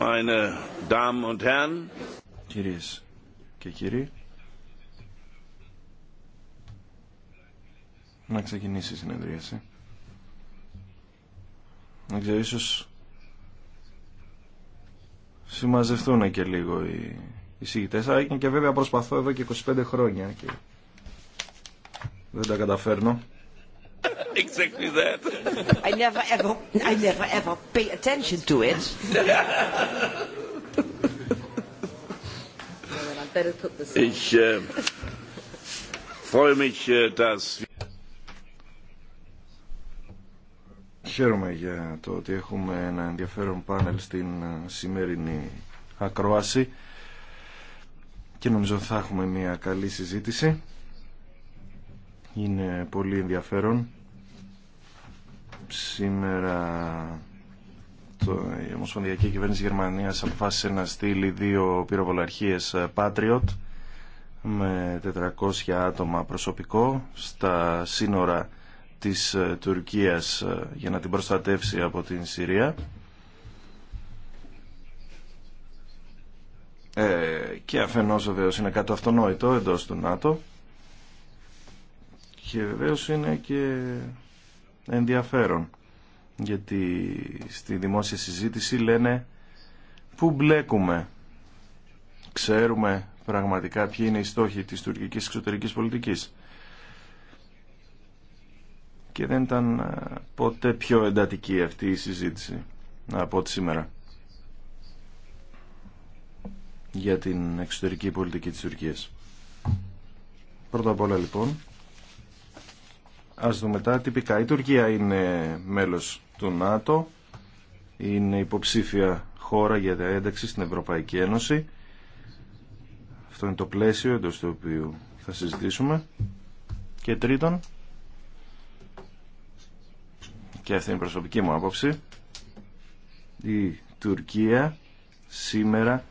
meine Κυρίες και κύριοι, να ξεκινήσει η συνεδρίαση. Να ξέρω, ίσως συμμαζευτούν και λίγο οι εισηγητές. Αλλά και βέβαια προσπαθώ εδώ και 25 χρόνια και δεν τα καταφέρνω exactly that. I never ever, I never ever pay attention to it. Ich äh, freue mich, äh, dass. Χαίρομαι για το ότι έχουμε ένα ενδιαφέρον πάνελ στην ε, σημερινή ακρόαση και νομίζω θα έχουμε μια καλή συζήτηση. Είναι πολύ ενδιαφέρον σήμερα το, η Ομοσπονδιακή Κυβέρνηση Γερμανίας αποφάσισε να στείλει δύο πυροβολαρχίες ε, Patriot με 400 άτομα προσωπικό στα σύνορα της ε, Τουρκίας ε, για να την προστατεύσει από την Συρία. Ε, και αφενός βεβαίως είναι κάτι αυτονόητο εντός του ΝΑΤΟ και βεβαίως είναι και ενδιαφέρον γιατί στη δημόσια συζήτηση λένε πού μπλέκουμε ξέρουμε πραγματικά ποιοι είναι οι στόχοι της τουρκικής εξωτερικής πολιτικής και δεν ήταν ε, ποτέ πιο εντατική αυτή η συζήτηση από ό,τι σήμερα για την εξωτερική πολιτική της Τουρκίας. Πρώτα απ' όλα λοιπόν Ας δούμε τα τυπικά. Η Τουρκία είναι μέλος του ΝΑΤΟ, είναι υποψήφια χώρα για τα ένταξη στην Ευρωπαϊκή Ένωση. Αυτό είναι το πλαίσιο εντός του οποίου θα συζητήσουμε. Και τρίτον, και αυτή είναι η προσωπική μου άποψη, η Τουρκία σήμερα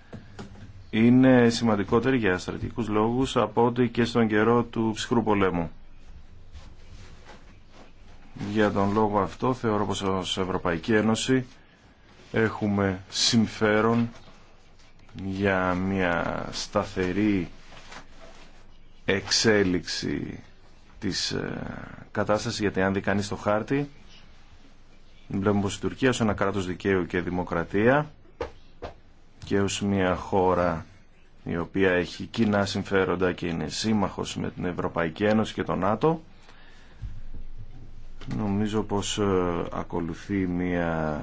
είναι σημαντικότερη για στρατηγικούς λόγους από ό,τι και στον καιρό του ψυχρού πολέμου. Για τον λόγο αυτό θεωρώ πως ως Ευρωπαϊκή Ένωση έχουμε συμφέρον για μια σταθερή εξέλιξη της ε, κατάστασης γιατί αν δει κανείς το χάρτη βλέπουμε πως η Τουρκία ως ένα κράτος δικαίου και δημοκρατία και ως μια χώρα η οποία έχει κοινά συμφέροντα και είναι σύμμαχος με την Ευρωπαϊκή Ένωση και τον ΝΑΤΟ Νομίζω πως ε, ακολουθεί μια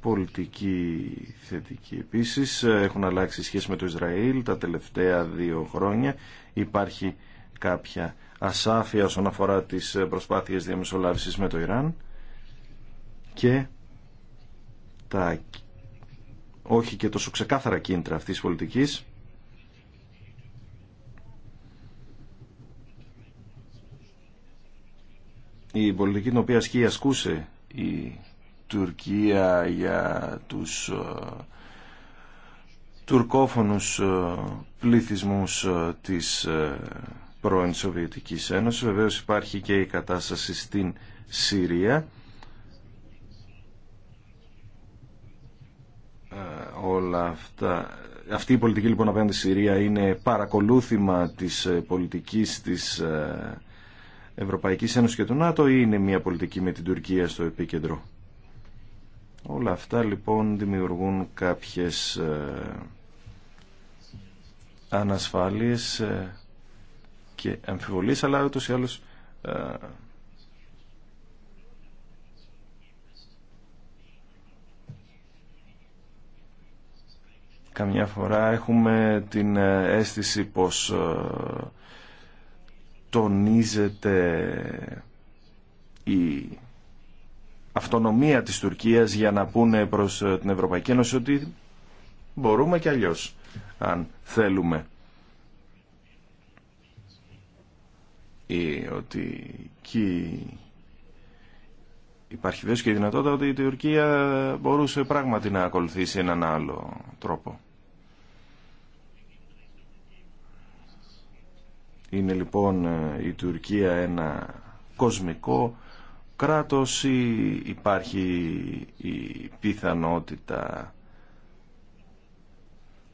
πολιτική θετική. Επίσης ε, έχουν αλλάξει σχέση με το Ισραήλ τα τελευταία δύο χρόνια. Υπάρχει κάποια ασάφεια όσον αφορά τις ε, προσπάθειες διαμεσολάβησης με το Ιράν και τα όχι και τόσο ξεκάθαρα κίνητρα αυτής της πολιτικής η πολιτική την οποία ασκεί ασκούσε η Τουρκία για τους ε, τουρκόφωνους ε, πληθυσμούς ε, της πρώην Σοβιετικής Ένωσης. Βεβαίως υπάρχει και η κατάσταση στην Συρία. όλα αυτά. Αυτή η πολιτική λοιπόν απέναντι στη Συρία είναι παρακολούθημα της πολιτικής της Ευρωπαϊκή Ένωσης και του ΝΑΤΟ ή είναι μια πολιτική με την Τουρκία στο επίκεντρο. Όλα αυτά λοιπόν δημιουργούν κάποιες ε, ανασφάλειες ε, και αμφιβολίες αλλά ούτως ή άλλως ε, καμιά φορά έχουμε την αίσθηση πως τονίζεται η αυτονομία της Τουρκίας για να πούνε προς ε, την Ευρωπαϊκή Ένωση ότι μπορούμε και αλλιώς αν θέλουμε ή ότι εκεί υπάρχει βέβαια και η δυνατότητα ότι η Τουρκία μπορούσε πράγματι να ακολουθήσει έναν άλλο τρόπο. Είναι λοιπόν ε, η Τουρκία ένα κοσμικό κράτος ή υπάρχει η πιθανότητα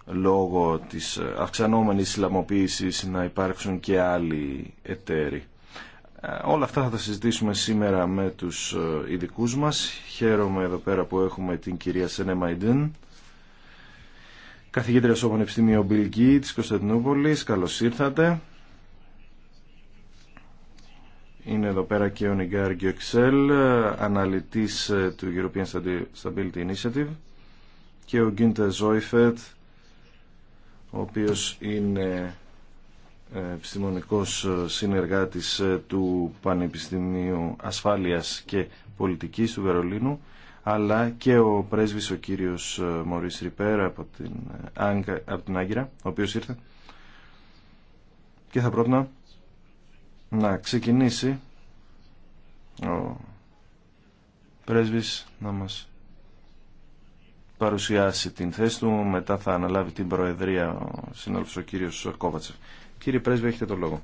λόγω της αυξανόμενης Ισλαμοποίησης να υπάρξουν και άλλοι εταίροι. Ε, όλα αυτά θα τα συζητήσουμε σήμερα με τους ε, ειδικού μας. Χαίρομαι εδώ πέρα που έχουμε την κυρία Σένε Μαϊντίν, καθηγήτρια στο Πανεπιστήμιο Μπιλγκή της Κωνσταντινούπολης. Καλώς ήρθατε είναι εδώ πέρα και ο Νιγκάρ Γκιοξέλ, αναλυτής ε, του European Stability Initiative και ο Γκίντερ Ζόιφετ, ο οποίος είναι ε, επιστημονικός ε, συνεργάτης του Πανεπιστημίου Ασφάλειας και Πολιτικής του Βερολίνου αλλά και ο πρέσβης ο κύριος Μωρίς Ριπέρ από την, από την Άγκυρα, ο οποίος ήρθε και θα πρότεινα να ξεκινήσει ο πρέσβης να μας παρουσιάσει την θέση του, μετά θα αναλάβει την Προεδρία ο σύνολος ο κύριος Σορκόβατσεφ. Κύριε Πρέσβη, έχετε το λόγο.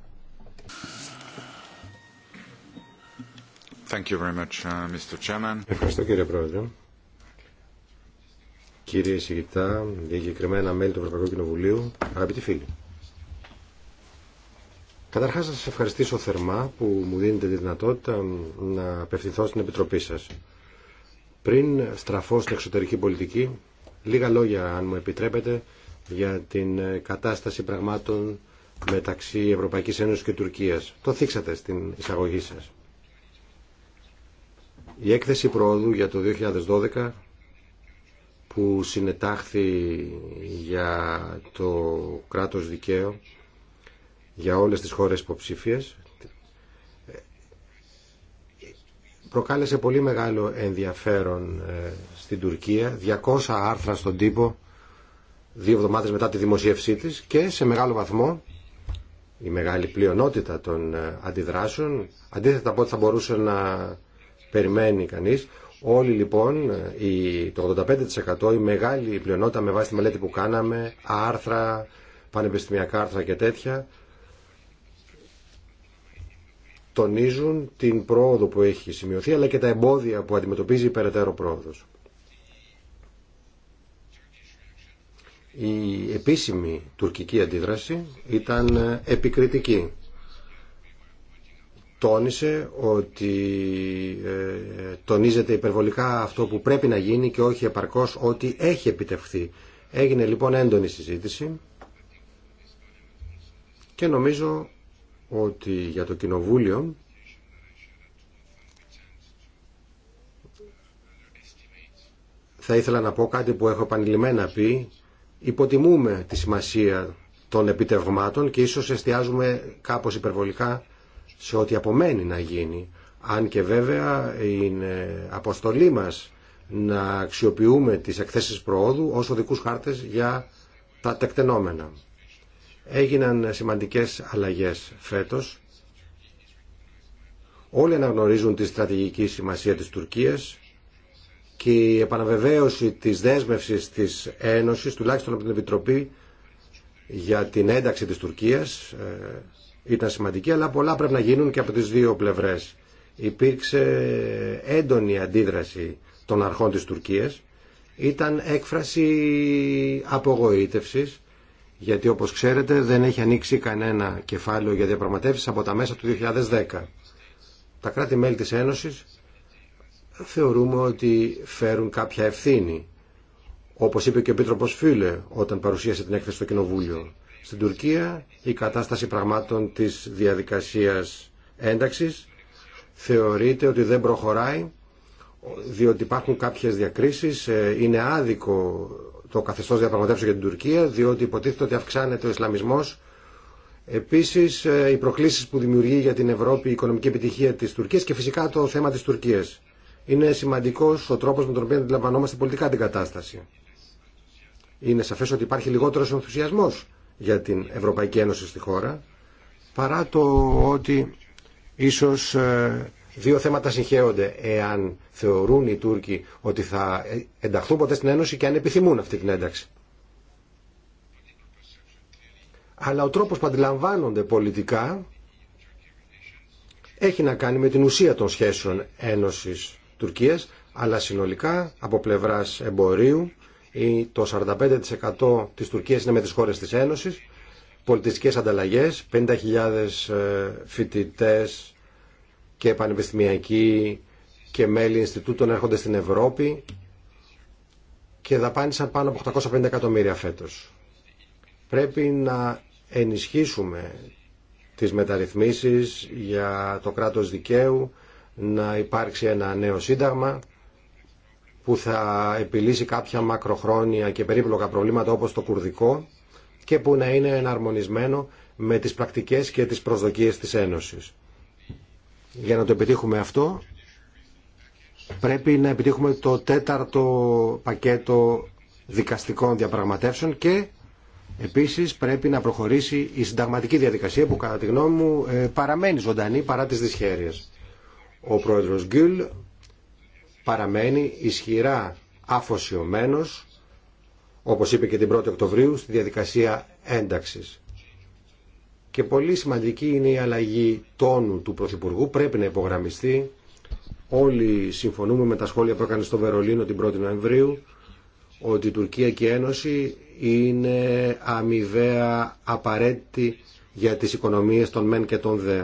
Thank you very much, uh, Mr. Chairman. Ευχαριστώ κύριε Πρόεδρε. Κύριε Σιγητά, διακεκριμένα μέλη του Ευρωπαϊκού Κοινοβουλίου, αγαπητοί φίλοι. Καταρχάς να σας ευχαριστήσω θερμά που μου δίνετε τη δυνατότητα να απευθυνθώ στην Επιτροπή σας. Πριν στραφώ στην εξωτερική πολιτική, λίγα λόγια αν μου επιτρέπετε για την κατάσταση πραγμάτων μεταξύ Ευρωπαϊκής Ένωσης και Τουρκίας. Το θίξατε στην εισαγωγή σας. Η έκθεση προόδου για το 2012 που συνετάχθη για το κράτος δικαίου για όλες τις χώρες υποψήφίε προκάλεσε πολύ μεγάλο ενδιαφέρον ε, στην Τουρκία 200 άρθρα στον τύπο δύο εβδομάδες μετά τη δημοσίευσή της και σε μεγάλο βαθμό η μεγάλη πλειονότητα των ε, αντιδράσεων αντίθετα από ό,τι θα μπορούσε να περιμένει κανείς όλοι λοιπόν ε, το 85% η μεγάλη πλειονότητα με βάση τη μελέτη που κάναμε άρθρα πανεπιστημιακά άρθρα και τέτοια τονίζουν την πρόοδο που έχει σημειωθεί αλλά και τα εμπόδια που αντιμετωπίζει η περαιτέρω πρόοδος. Η επίσημη τουρκική αντίδραση ήταν επικριτική. Τόνισε ότι ε, τονίζεται υπερβολικά αυτό που πρέπει να γίνει και όχι επαρκώς ότι έχει επιτευχθεί. Έγινε λοιπόν έντονη συζήτηση και νομίζω ότι για το Κοινοβούλιο θα ήθελα να πω κάτι που έχω επανειλημμένα πει. Υποτιμούμε τη σημασία των επιτευγμάτων και ίσως εστιάζουμε κάπως υπερβολικά σε ό,τι απομένει να γίνει. Αν και βέβαια είναι αποστολή μας να αξιοποιούμε τις εκθέσεις προόδου ως οδικούς χάρτες για τα τεκτενόμενα έγιναν σημαντικές αλλαγές φέτος. Όλοι αναγνωρίζουν τη στρατηγική σημασία της Τουρκίας και η επαναβεβαίωση της δέσμευσης της Ένωσης, τουλάχιστον από την Επιτροπή για την ένταξη της Τουρκίας, ε, ήταν σημαντική, αλλά πολλά πρέπει να γίνουν και από τις δύο πλευρές. Υπήρξε έντονη αντίδραση των αρχών της Τουρκίας, ήταν έκφραση απογοήτευσης γιατί όπως ξέρετε δεν έχει ανοίξει κανένα κεφάλαιο για διαπραγματεύσεις από τα μέσα του 2010. Τα κράτη-μέλη της Ένωσης θεωρούμε ότι φέρουν κάποια ευθύνη. Όπως είπε και ο Επίτροπος Φίλε όταν παρουσίασε την έκθεση στο Κοινοβούλιο. Στην Τουρκία η κατάσταση πραγμάτων της διαδικασίας ένταξης θεωρείται ότι δεν προχωράει διότι υπάρχουν κάποιες διακρίσεις, ε, είναι άδικο το καθεστώς διαπραγματεύσεων για την Τουρκία, διότι υποτίθεται ότι αυξάνεται ο Ισλαμισμός. Επίσης, ε, οι προκλήσεις που δημιουργεί για την Ευρώπη η οικονομική επιτυχία της Τουρκίας και φυσικά το θέμα της Τουρκίας. Είναι σημαντικός ο τρόπος με τον οποίο αντιλαμβανόμαστε πολιτικά την κατάσταση. Είναι σαφέ ότι υπάρχει λιγότερο ενθουσιασμό για την Ευρωπαϊκή Ένωση στη χώρα, παρά το ότι ίσω. Ε, Δύο θέματα συγχέονται εάν θεωρούν οι Τούρκοι ότι θα ενταχθούν ποτέ στην Ένωση και αν επιθυμούν αυτή την ένταξη. Αλλά ο τρόπος που αντιλαμβάνονται πολιτικά έχει να κάνει με την ουσία των σχέσεων Ένωσης Τουρκίας, αλλά συνολικά από πλευράς εμπορίου ή το 45% της Τουρκίας είναι με τις χώρες της Ένωσης, πολιτιστικές ανταλλαγές, 50.000 ε, φοιτητές και πανεπιστημιακοί και μέλη Ινστιτούτων έρχονται στην Ευρώπη και δαπάνησαν πάνω από 850 εκατομμύρια φέτος. Πρέπει να ενισχύσουμε τις μεταρρυθμίσεις για το κράτος δικαίου, να υπάρξει ένα νέο σύνταγμα που θα επιλύσει κάποια μακροχρόνια και περίπλοκα προβλήματα όπως το κουρδικό και που να είναι εναρμονισμένο με τις πρακτικές και τις προσδοκίες της Ένωσης. Για να το επιτύχουμε αυτό, πρέπει να επιτύχουμε το τέταρτο πακέτο δικαστικών διαπραγματεύσεων και επίσης πρέπει να προχωρήσει η συνταγματική διαδικασία που κατά τη γνώμη μου ε, παραμένει ζωντανή παρά τις δυσχέρειες. Ο πρόεδρος Γκουλ παραμένει ισχυρά αφοσιωμένος όπως είπε και την 1η Οκτωβρίου στη διαδικασία ένταξης και πολύ σημαντική είναι η αλλαγή τόνου του Πρωθυπουργού. Πρέπει να υπογραμμιστεί. Όλοι συμφωνούμε με τα σχόλια που έκανε στο Βερολίνο την 1η Νοεμβρίου ότι η Τουρκία και η Ένωση είναι αμοιβαία απαραίτητη για τις οικονομίες των μεν και των δε.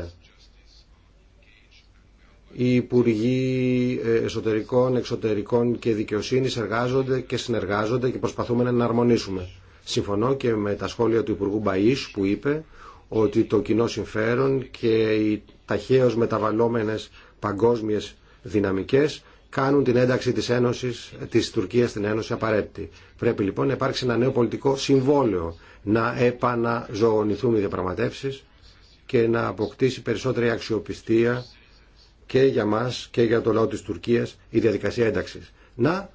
Οι Υπουργοί ε, Εσωτερικών, Εξωτερικών και Δικαιοσύνης εργάζονται και συνεργάζονται και προσπαθούμε να εναρμονίσουμε. Συμφωνώ και με τα σχόλια του Υπουργού Μπαΐς που είπε ότι το κοινό συμφέρον και οι ταχαίως μεταβαλλόμενες παγκόσμιες δυναμικές κάνουν την ένταξη της, Ένωσης, της Τουρκίας στην Ένωση απαραίτητη. Πρέπει λοιπόν να υπάρξει ένα νέο πολιτικό συμβόλαιο, να επαναζωογονηθούν οι διαπραγματεύσει και να αποκτήσει περισσότερη αξιοπιστία και για μας και για το λαό της Τουρκίας η διαδικασία ένταξης. Να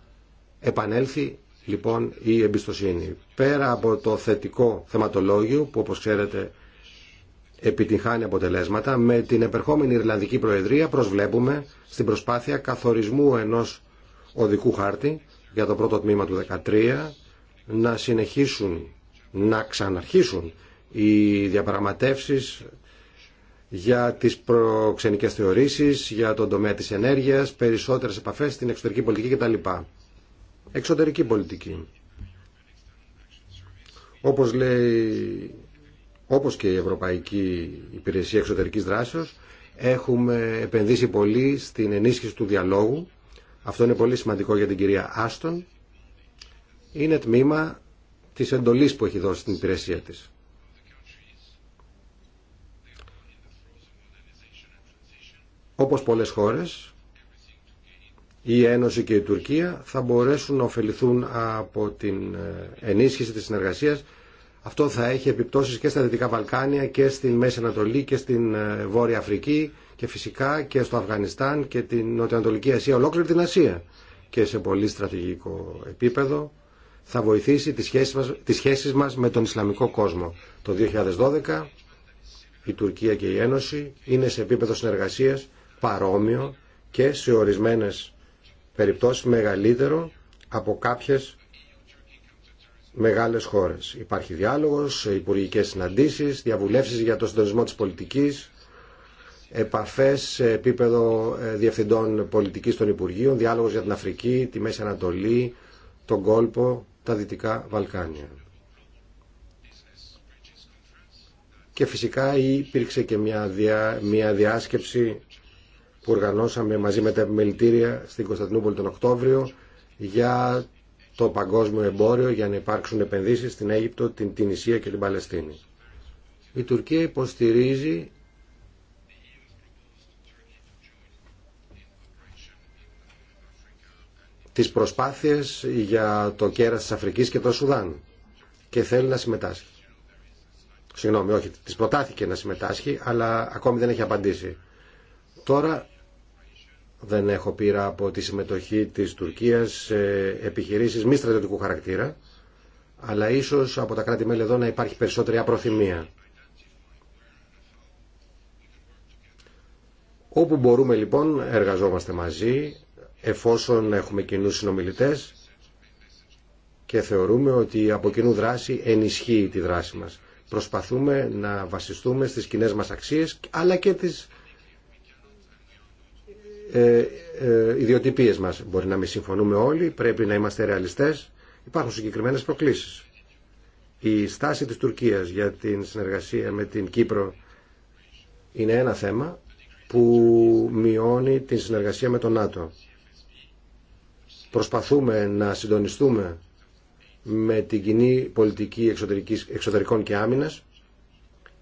επανέλθει λοιπόν η εμπιστοσύνη. Πέρα από το θετικό θεματολόγιο που όπως ξέρετε επιτυγχάνει αποτελέσματα. Με την επερχόμενη Ιρλανδική Προεδρία προσβλέπουμε στην προσπάθεια καθορισμού ενός οδικού χάρτη για το πρώτο τμήμα του 2013 να συνεχίσουν, να ξαναρχίσουν οι διαπραγματεύσεις για τις προξενικές θεωρήσεις, για τον τομέα της ενέργειας, περισσότερες επαφές στην εξωτερική πολιτική κτλ. Εξωτερική πολιτική. Όπως λέει όπως και η Ευρωπαϊκή Υπηρεσία Εξωτερικής Δράσεως, έχουμε επενδύσει πολύ στην ενίσχυση του διαλόγου. Αυτό είναι πολύ σημαντικό για την κυρία Άστον. Είναι τμήμα της εντολής που έχει δώσει την υπηρεσία της. Όπως πολλές χώρες, η Ένωση και η Τουρκία θα μπορέσουν να ωφεληθούν από την ε, ενίσχυση της συνεργασίας αυτό θα έχει επιπτώσεις και στα Δυτικά Βαλκάνια και στη Μέση Ανατολή και στην ε, Βόρεια Αφρική και φυσικά και στο Αφγανιστάν και την Νοτιοανατολική Ασία, ολόκληρη την Ασία και σε πολύ στρατηγικό επίπεδο θα βοηθήσει τις σχέσεις μας, τις σχέσεις μας με τον Ισλαμικό κόσμο. Το 2012 η Τουρκία και η Ένωση είναι σε επίπεδο συνεργασίας παρόμοιο και σε ορισμένες περιπτώσεις μεγαλύτερο από κάποιες μεγάλες χώρες. Υπάρχει διάλογος, υπουργικές συναντήσεις, διαβουλεύσεις για το συντονισμό της πολιτικής, επαφές σε επίπεδο ε, διευθυντών πολιτικής των Υπουργείων, διάλογος για την Αφρική, τη Μέση Ανατολή, τον κόλπο, τα Δυτικά Βαλκάνια. Και φυσικά υπήρξε και μια, διά, μια διάσκεψη που οργανώσαμε μαζί με τα επιμελητήρια στην Κωνσταντινούπολη τον Οκτώβριο για το παγκόσμιο εμπόριο για να υπάρξουν επενδύσεις στην Αίγυπτο, την Τινησία και την Παλαιστίνη. Η Τουρκία υποστηρίζει τις προσπάθειες για το κέρας της Αφρικής και το Σουδάν και θέλει να συμμετάσχει. Συγγνώμη, όχι, της προτάθηκε να συμμετάσχει, αλλά ακόμη δεν έχει απαντήσει. Τώρα δεν έχω πείρα από τη συμμετοχή της Τουρκίας σε επιχειρήσεις μη στρατιωτικού χαρακτήρα, αλλά ίσως από τα κράτη-μέλη εδώ να υπάρχει περισσότερη απροθυμία. Όπου μπορούμε λοιπόν εργαζόμαστε μαζί, εφόσον έχουμε κοινούς συνομιλητές και θεωρούμε ότι από κοινού δράση ενισχύει τη δράση μας. Προσπαθούμε να βασιστούμε στις κοινές μας αξίες αλλά και τις ε, ε, ιδιοτυπίες μας. Μπορεί να μην συμφωνούμε όλοι, πρέπει να είμαστε ρεαλιστές. Υπάρχουν συγκεκριμένες προκλήσεις. Η στάση της Τουρκίας για την συνεργασία με την Κύπρο είναι ένα θέμα που μειώνει την συνεργασία με τον ΝΑΤΟ. Προσπαθούμε να συντονιστούμε με την κοινή πολιτική εξωτερικών και άμυνας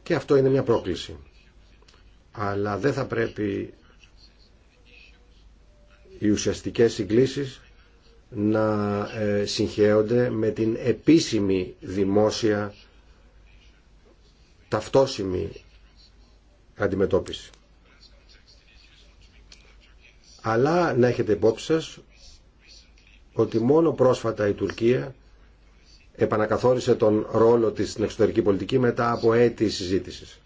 και αυτό είναι μια πρόκληση. Αλλά δεν θα πρέπει οι ουσιαστικές συγκλήσεις να ε, συγχέονται με την επίσημη δημόσια ταυτόσιμη αντιμετώπιση. Αλλά να έχετε υπόψη ότι μόνο πρόσφατα η Τουρκία επανακαθόρισε τον ρόλο της στην εξωτερική πολιτική μετά από έτη συζήτησης.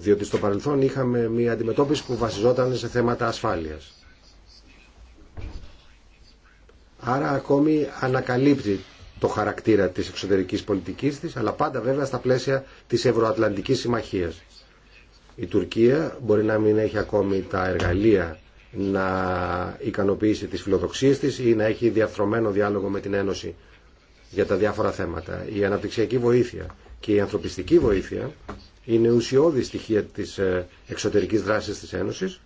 Διότι στο παρελθόν είχαμε μια αντιμετώπιση που βασιζόταν σε θέματα ασφάλειας. Άρα ακόμη ανακαλύπτει το χαρακτήρα της εξωτερικής πολιτικής της, αλλά πάντα βέβαια στα πλαίσια της Ευρωατλαντικής Συμμαχίας. Η Τουρκία μπορεί να μην έχει ακόμη τα εργαλεία να ικανοποιήσει τις φιλοδοξίες της ή να έχει διαφθρωμένο διάλογο με την Ένωση για τα διάφορα θέματα. Η αναπτυξιακή βοήθεια και η ανθρωπιστική βοήθεια είναι ουσιώδη στοιχεία της ε, εξωτερικής δράσης της Ένωσης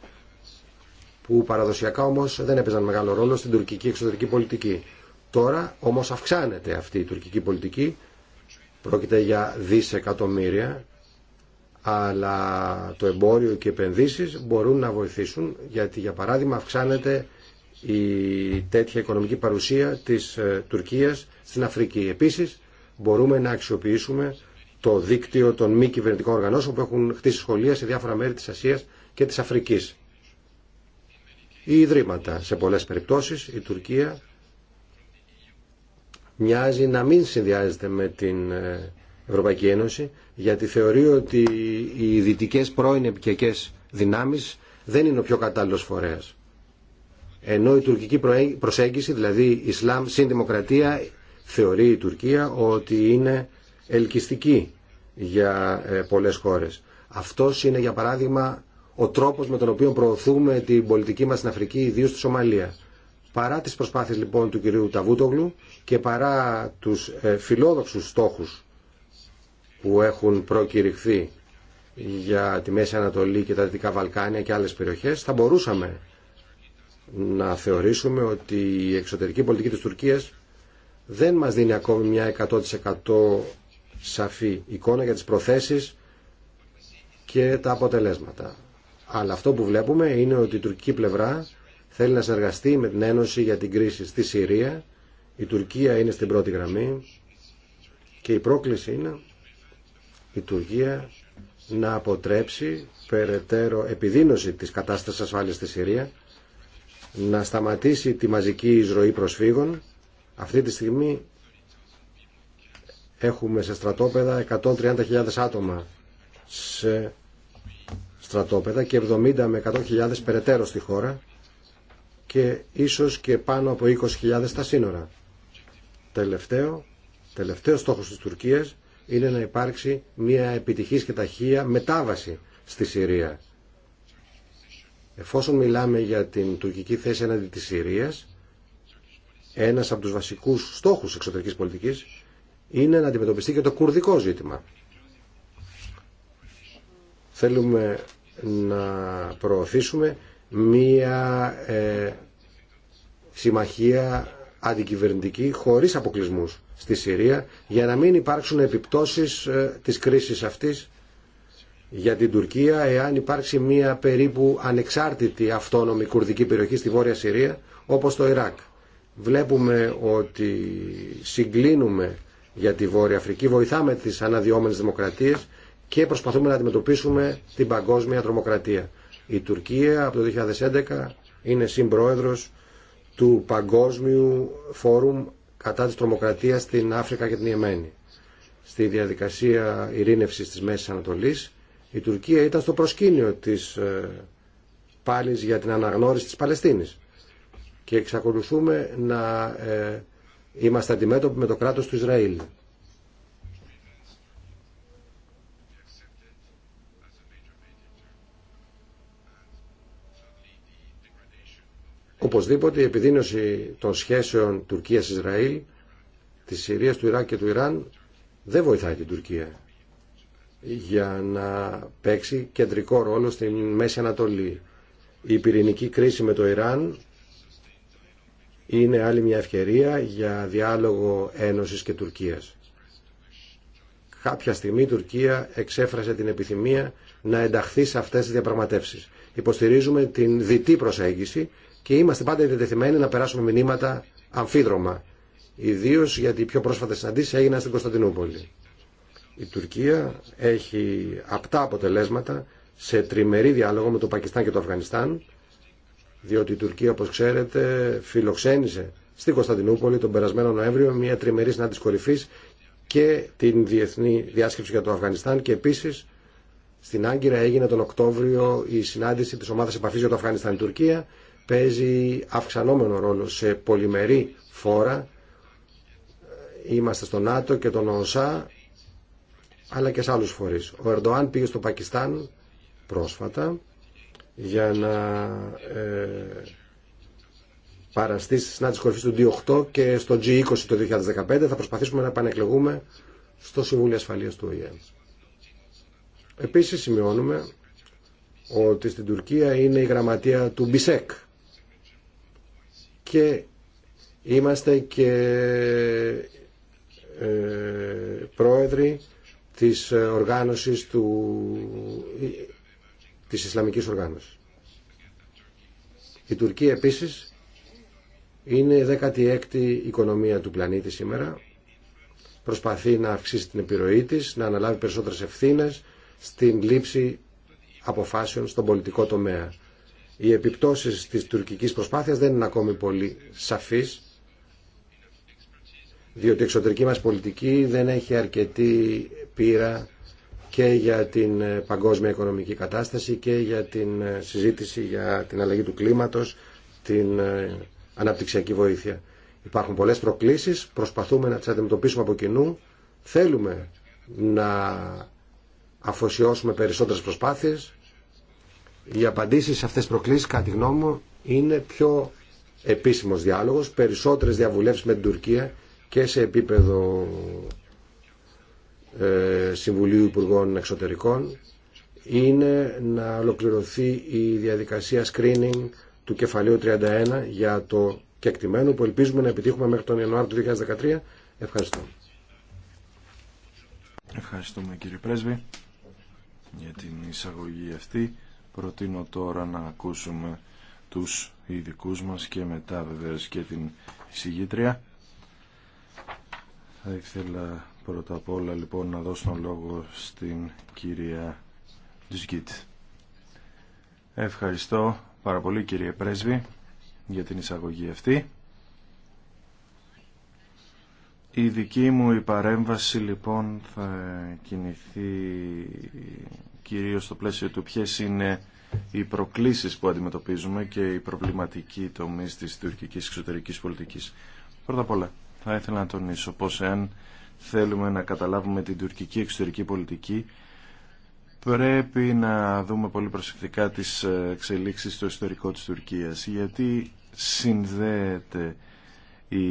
που παραδοσιακά όμως δεν έπαιζαν μεγάλο ρόλο στην τουρκική εξωτερική πολιτική. Τώρα όμως αυξάνεται αυτή η τουρκική πολιτική, πρόκειται για δισεκατομμύρια, αλλά το εμπόριο και οι επενδύσεις μπορούν να βοηθήσουν, γιατί για παράδειγμα αυξάνεται η τέτοια οικονομική παρουσία της ε, Τουρκίας στην Αφρική. Επίσης μπορούμε να αξιοποιήσουμε το δίκτυο των μη κυβερνητικών οργανώσεων που έχουν χτίσει σχολεία σε διάφορα μέρη της Ασίας και της Αφρικής. Ή ιδρύματα. Σε πολλές περιπτώσεις η Τουρκία μοιάζει να μην συνδυάζεται με την ε, Ευρωπαϊκή Ένωση γιατί θεωρεί ότι οι δυτικέ πρώην επικιακές δυνάμεις δεν είναι ο πιο κατάλληλος φορέας. Ενώ η τουρκική προσέγγιση, δηλαδή Ισλάμ συνδημοκρατία... δημοκρατία, θεωρεί η Τουρκία ότι είναι ελκυστική για ε, πολλές χώρες. Αυτός είναι για παράδειγμα ο τρόπος με τον οποίο προωθούμε την πολιτική μας στην Αφρική, ιδίως στη Σομαλία. Παρά τις προσπάθειες λοιπόν του κυρίου Ταβούτογλου και παρά τους ε, φιλόδοξους στόχους που έχουν προκηρυχθεί για τη Μέση Ανατολή και τα Δυτικά Βαλκάνια και άλλες περιοχές, θα μπορούσαμε να θεωρήσουμε ότι η εξωτερική πολιτική της Τουρκίας δεν μας δίνει ακόμη μια 100% σαφή εικόνα για τις προθέσεις και τα αποτελέσματα. Αλλά αυτό που βλέπουμε είναι ότι η τουρκική πλευρά θέλει να συνεργαστεί με την Ένωση για την κρίση στη Συρία. Η Τουρκία είναι στην πρώτη γραμμή και η πρόκληση είναι η Τουρκία να αποτρέψει περαιτέρω επιδείνωση της κατάστασης ασφάλειας στη Συρία, να σταματήσει τη μαζική εισρωή προσφύγων. Αυτή τη στιγμή Έχουμε σε στρατόπεδα 130.000 άτομα σε στρατόπεδα και 70 με 100.000 περαιτέρω στη χώρα και ίσως και πάνω από 20.000 στα σύνορα. Τελευταίο, τελευταίο στόχος της Τουρκίας είναι να υπάρξει μια επιτυχής και ταχεία μετάβαση στη Συρία. Εφόσον μιλάμε για την τουρκική θέση έναντι της Συρίας, ένας από τους βασικούς στόχους εξωτερικής πολιτικής είναι να αντιμετωπιστεί και το κουρδικό ζήτημα. Θέλουμε να προωθήσουμε μία ε, συμμαχία αντικυβερνητική χωρίς αποκλεισμούς στη Συρία για να μην υπάρξουν επιπτώσεις ε, της κρίσης αυτής για την Τουρκία εάν υπάρξει μία περίπου ανεξάρτητη αυτόνομη κουρδική περιοχή στη Βόρεια Συρία όπως το Ιράκ. Βλέπουμε ότι συγκλίνουμε για τη Βόρεια Αφρική. Βοηθάμε τις αναδυόμενες δημοκρατίες και προσπαθούμε να αντιμετωπίσουμε την παγκόσμια τρομοκρατία. Η Τουρκία από το 2011 είναι συμπρόεδρος του Παγκόσμιου Φόρουμ κατά της τρομοκρατίας στην Αφρικα και την Ιεμένη. Στη διαδικασία ειρήνευσης της Μέσης Ανατολής η Τουρκία ήταν στο προσκήνιο της ε, πάλης για την αναγνώριση της Παλαιστίνης και εξακολουθούμε να ε, Είμαστε αντιμέτωποι με το κράτος του Ισραήλ. Οπωσδήποτε η επιδείνωση των σχέσεων Τουρκίας-Ισραήλ, της Συρίας, του Ιράκ και του Ιράν δεν βοηθάει την Τουρκία για να παίξει κεντρικό ρόλο στην Μέση Ανατολή. Η πυρηνική κρίση με το Ιράν είναι άλλη μια ευκαιρία για διάλογο Ένωσης και Τουρκίας. Κάποια στιγμή η Τουρκία εξέφρασε την επιθυμία να ενταχθεί σε αυτές τις διαπραγματεύσεις. Υποστηρίζουμε την δυτή προσέγγιση και είμαστε πάντα διατεθειμένοι να περάσουμε μηνύματα αμφίδρομα. Ιδίω γιατί οι πιο πρόσφατες συναντήσει έγιναν στην Κωνσταντινούπολη. Η Τουρκία έχει απτά αποτελέσματα σε τριμερή διάλογο με το Πακιστάν και το Αφγανιστάν διότι η Τουρκία, όπως ξέρετε, φιλοξένησε στην Κωνσταντινούπολη τον περασμένο Νοέμβριο μια τριμερή συνάντηση κορυφή και την διεθνή διάσκεψη για το Αφγανιστάν και επίσης στην Άγκυρα έγινε τον Οκτώβριο η συνάντηση της ομάδας επαφής για το Αφγανιστάν. Η Τουρκία παίζει αυξανόμενο ρόλο σε πολυμερή φόρα. Είμαστε στο ΝΑΤΟ και τον ΟΣΑ αλλά και σε άλλους φορείς. Ο Ερντοάν πήγε στο Πακιστάν πρόσφατα για να ε, παραστεί στη συνάντηση κορυφή του D8 και στο G20 το 2015. Θα προσπαθήσουμε να επανεκλεγούμε στο Συμβούλιο Ασφαλείας του ΟΗΕ. Επίσης σημειώνουμε ότι στην Τουρκία είναι η γραμματεία του Μπισεκ και είμαστε και ε, πρόεδροι της οργάνωσης του της Ισλαμικής οργάνωσης. Η Τουρκία επίσης είναι η 16η οικονομία του πλανήτη σήμερα. Προσπαθεί να αυξήσει την επιρροή της, να αναλάβει περισσότερες ευθύνες στην λήψη αποφάσεων στον πολιτικό τομέα. Οι επιπτώσεις της τουρκικής προσπάθειας δεν είναι ακόμη πολύ σαφείς, διότι η εξωτερική μας πολιτική δεν έχει αρκετή πείρα και για την ε, παγκόσμια οικονομική κατάσταση και για την ε, συζήτηση για την αλλαγή του κλίματος, την ε, αναπτυξιακή βοήθεια. Υπάρχουν πολλές προκλήσεις, προσπαθούμε να τις αντιμετωπίσουμε από κοινού, θέλουμε να αφοσιώσουμε περισσότερες προσπάθειες. Οι απαντήσεις σε αυτές τις προκλήσεις, κατά τη γνώμη μου, είναι πιο επίσημος διάλογος, περισσότερες διαβουλεύσεις με την Τουρκία και σε επίπεδο ε, Συμβουλίου Υπουργών Εξωτερικών είναι να ολοκληρωθεί η διαδικασία screening του κεφαλαίου 31 για το κεκτημένο που ελπίζουμε να επιτύχουμε μέχρι τον Ιανουάριο του 2013. Ευχαριστώ. Ευχαριστούμε κύριε Πρέσβη για την εισαγωγή αυτή. Προτείνω τώρα να ακούσουμε τους ειδικού μας και μετά βεβαίως και την εισηγήτρια. Θα ήθελα Πρώτα απ' όλα λοιπόν να δώσω τον λόγο στην κυρία Τζγκίτ. Ευχαριστώ πάρα πολύ κύριε Πρέσβη για την εισαγωγή αυτή. Η δική μου η παρέμβαση λοιπόν θα κινηθεί κυρίως στο πλαίσιο του ποιες είναι οι προκλήσεις που αντιμετωπίζουμε και η προβληματική τομή της τουρκικής εξωτερικής πολιτικής. Πρώτα απ' όλα θα ήθελα να τονίσω πως εάν θέλουμε να καταλάβουμε την τουρκική εξωτερική πολιτική πρέπει να δούμε πολύ προσεκτικά τις ε, εξελίξεις στο ιστορικό της Τουρκίας γιατί συνδέεται η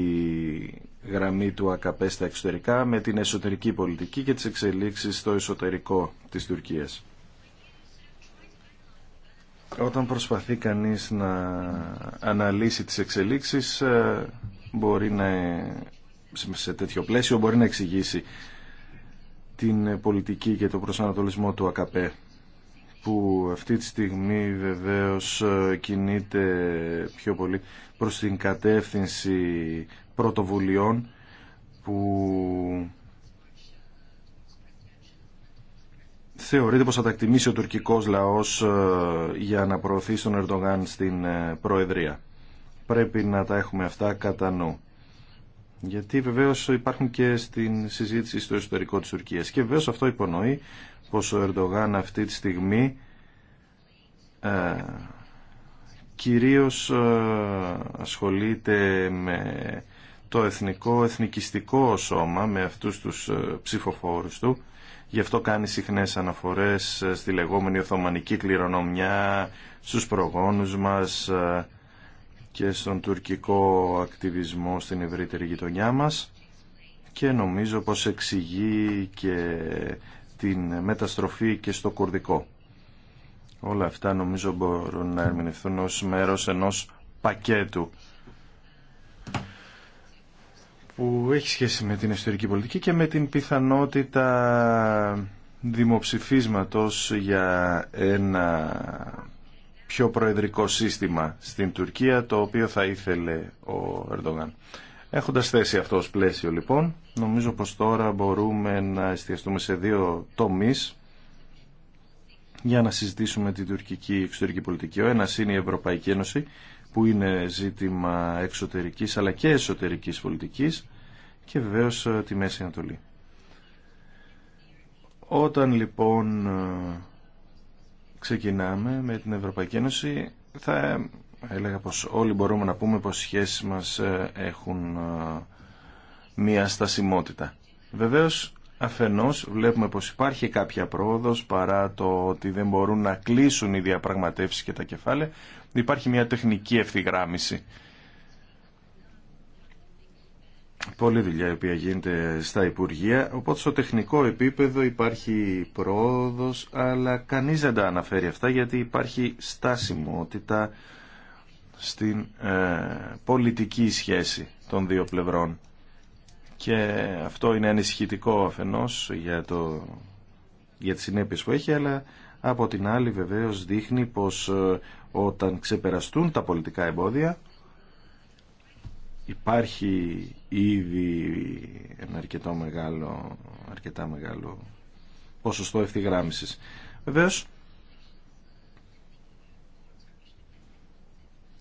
γραμμή του ΑΚΠ στα εξωτερικά με την εσωτερική πολιτική και τις εξελίξεις στο εσωτερικό της Τουρκίας. Όταν προσπαθεί κανείς να αναλύσει τις εξελίξεις ε, μπορεί να σε τέτοιο πλαίσιο μπορεί να εξηγήσει την πολιτική και το προσανατολισμό του ΑΚΑΠΕ που αυτή τη στιγμή βεβαίως ε, κινείται πιο πολύ προς την κατεύθυνση πρωτοβουλειών που θεωρείται πως θα τα εκτιμήσει ο τουρκικός λαός ε, για να προωθήσει τον Ερντογάν στην ε, Προεδρία. Πρέπει να τα έχουμε αυτά κατά νου. Γιατί βεβαίω υπάρχουν και στην συζήτηση στο εσωτερικό της Τουρκία. Και βεβαίω αυτό υπονοεί πως ο Ερντογάν αυτή τη στιγμή ε, κυρίως ε, ασχολείται με το εθνικό, εθνικιστικό σώμα, με αυτούς τους ε, του. Γι' αυτό κάνει συχνές αναφορές ε, στη λεγόμενη Οθωμανική κληρονομιά, στους προγόνους μας, ε, και στον τουρκικό ακτιβισμό στην ευρύτερη γειτονιά μας και νομίζω πως εξηγεί και την μεταστροφή και στο κουρδικό. Όλα αυτά νομίζω μπορούν να ερμηνευθούν ως μέρος ενός πακέτου που έχει σχέση με την εσωτερική πολιτική και με την πιθανότητα δημοψηφίσματος για ένα πιο προεδρικό σύστημα στην Τουρκία, το οποίο θα ήθελε ο Ερντογάν. Έχοντας θέσει αυτό ως πλαίσιο λοιπόν, νομίζω πως τώρα μπορούμε να εστιαστούμε σε δύο τομείς για να συζητήσουμε την τουρκική εξωτερική πολιτική. Ο ένας είναι η Ευρωπαϊκή Ένωση, που είναι ζήτημα εξωτερικής αλλά και εσωτερικής πολιτικής και βεβαίως ε, τη Μέση Ανατολή. Όταν λοιπόν ε, ξεκινάμε με την Ευρωπαϊκή Ένωση θα έλεγα πως όλοι μπορούμε να πούμε πως οι σχέσεις μας ε, έχουν ε, μία στασιμότητα. Βεβαίως αφενός βλέπουμε πως υπάρχει κάποια πρόοδος παρά το ότι δεν μπορούν να κλείσουν οι διαπραγματεύσεις και τα κεφάλαια. Υπάρχει μια τεχνική ευθυγράμμιση πολλή δουλειά η οποία γίνεται στα Υπουργεία, οπότε στο τεχνικό επίπεδο υπάρχει πρόοδος, αλλά κανείς δεν τα αναφέρει αυτά γιατί υπάρχει στάσιμότητα στην ε, πολιτική σχέση των δύο πλευρών. Και αυτό είναι ανησυχητικό αφενός για, το, για τις συνέπειες που έχει, αλλά από την άλλη βεβαίως δείχνει πως ε, όταν ξεπεραστούν τα πολιτικά εμπόδια υπάρχει ήδη ένα μεγάλο, αρκετά μεγάλο ποσοστό ευθυγράμμισης. Βεβαίως,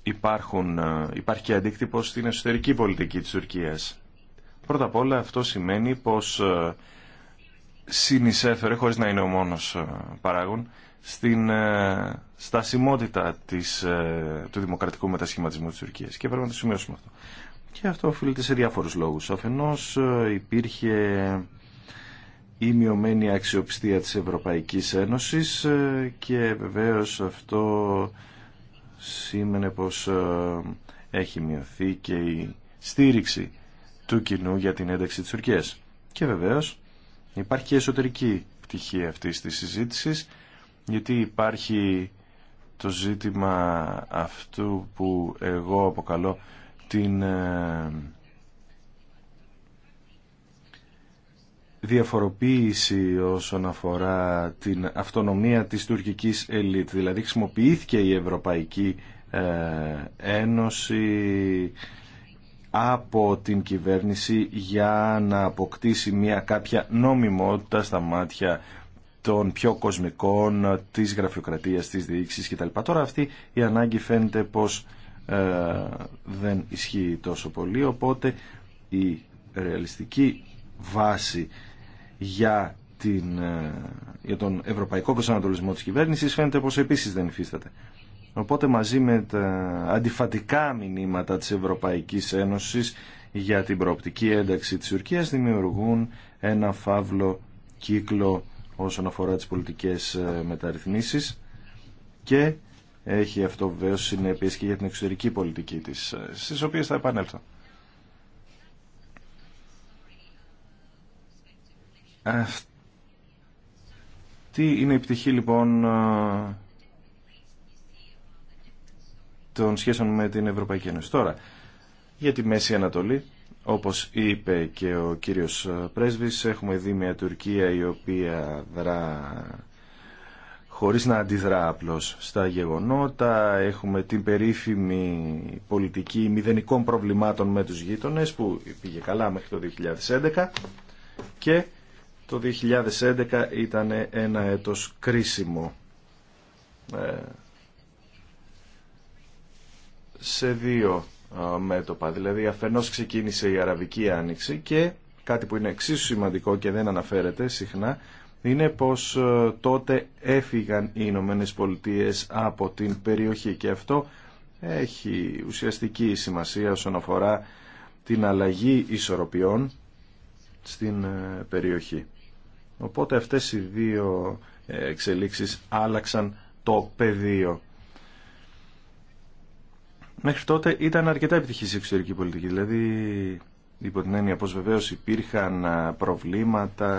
υπάρχουν, ε, υπάρχει και αντίκτυπο στην εσωτερική πολιτική της Τουρκίας. Πρώτα απ' όλα αυτό σημαίνει πως ε, συνεισέφερε, χωρίς να είναι ο μόνος ε, παράγων, στην στασιμότητα της, του δημοκρατικού μετασχηματισμού της Τουρκίας. Και πρέπει να το σημειώσουμε αυτό. Και αυτό οφείλεται σε διάφορους λόγους. Αφενός ε, υπήρχε η μειωμένη αξιοπιστία της Ευρωπαϊκής Ένωσης ε, και βεβαίως αυτό σήμαινε πως ε, έχει μειωθεί και η στήριξη του κοινού για την ένταξη της Τουρκίας. Και βεβαίως υπάρχει και εσωτερική πτυχή αυτής της συζήτησης γιατί υπάρχει το ζήτημα αυτού που εγώ αποκαλώ την ε, διαφοροποίηση όσον αφορά την αυτονομία της τουρκικής ελίτ. Δηλαδή χρησιμοποιήθηκε η Ευρωπαϊκή ε, Ένωση από την κυβέρνηση για να αποκτήσει μια κάποια νομιμότητα στα μάτια των πιο κοσμικών, της γραφειοκρατίας, της διοίκησης κτλ. Τώρα αυτή η ανάγκη φαίνεται πως ε, δεν ισχύει τόσο πολύ οπότε η ρεαλιστική βάση για, την, ε, για τον ευρωπαϊκό προσανατολισμό της κυβέρνησης φαίνεται πως επίσης δεν υφίσταται. Οπότε μαζί με τα αντιφατικά μηνύματα της Ευρωπαϊκής Ένωσης για την προοπτική ένταξη της Τουρκίας δημιουργούν ένα φαύλο κύκλο όσον αφορά τις πολιτικές ε, μεταρρυθμίσεις και έχει αυτό βεβαίω συνέπειε και για την εξωτερική πολιτική της, ε, στι οποίε θα επανέλθω. Τι είναι η πτυχή λοιπόν ε, των σχέσεων με την Ευρωπαϊκή Ένωση. Τώρα, για τη Μέση Ανατολή, όπως είπε και ο κύριος ε, Πρέσβης, έχουμε δει μια Τουρκία η οποία δρά χωρίς να αντιδρά απλώς στα γεγονότα. Έχουμε την περίφημη πολιτική μηδενικών προβλημάτων με τους γείτονες που πήγε καλά μέχρι το 2011 και το 2011 ήταν ένα έτος κρίσιμο. Ε, σε δύο ε, μέτωπα. Δηλαδή αφενός ξεκίνησε η Αραβική Άνοιξη και κάτι που είναι εξίσου σημαντικό και δεν αναφέρεται συχνά είναι πως ε, τότε έφυγαν οι Ηνωμένε Πολιτείε από την περιοχή και αυτό έχει ουσιαστική σημασία όσον αφορά την αλλαγή ισορροπιών στην ε, περιοχή. Οπότε αυτές οι δύο ε, εξελίξεις άλλαξαν το πεδίο. Μέχρι τότε ήταν αρκετά επιτυχής η εξωτερική πολιτική, δηλαδή υπό την έννοια πως βεβαίως υπήρχαν προβλήματα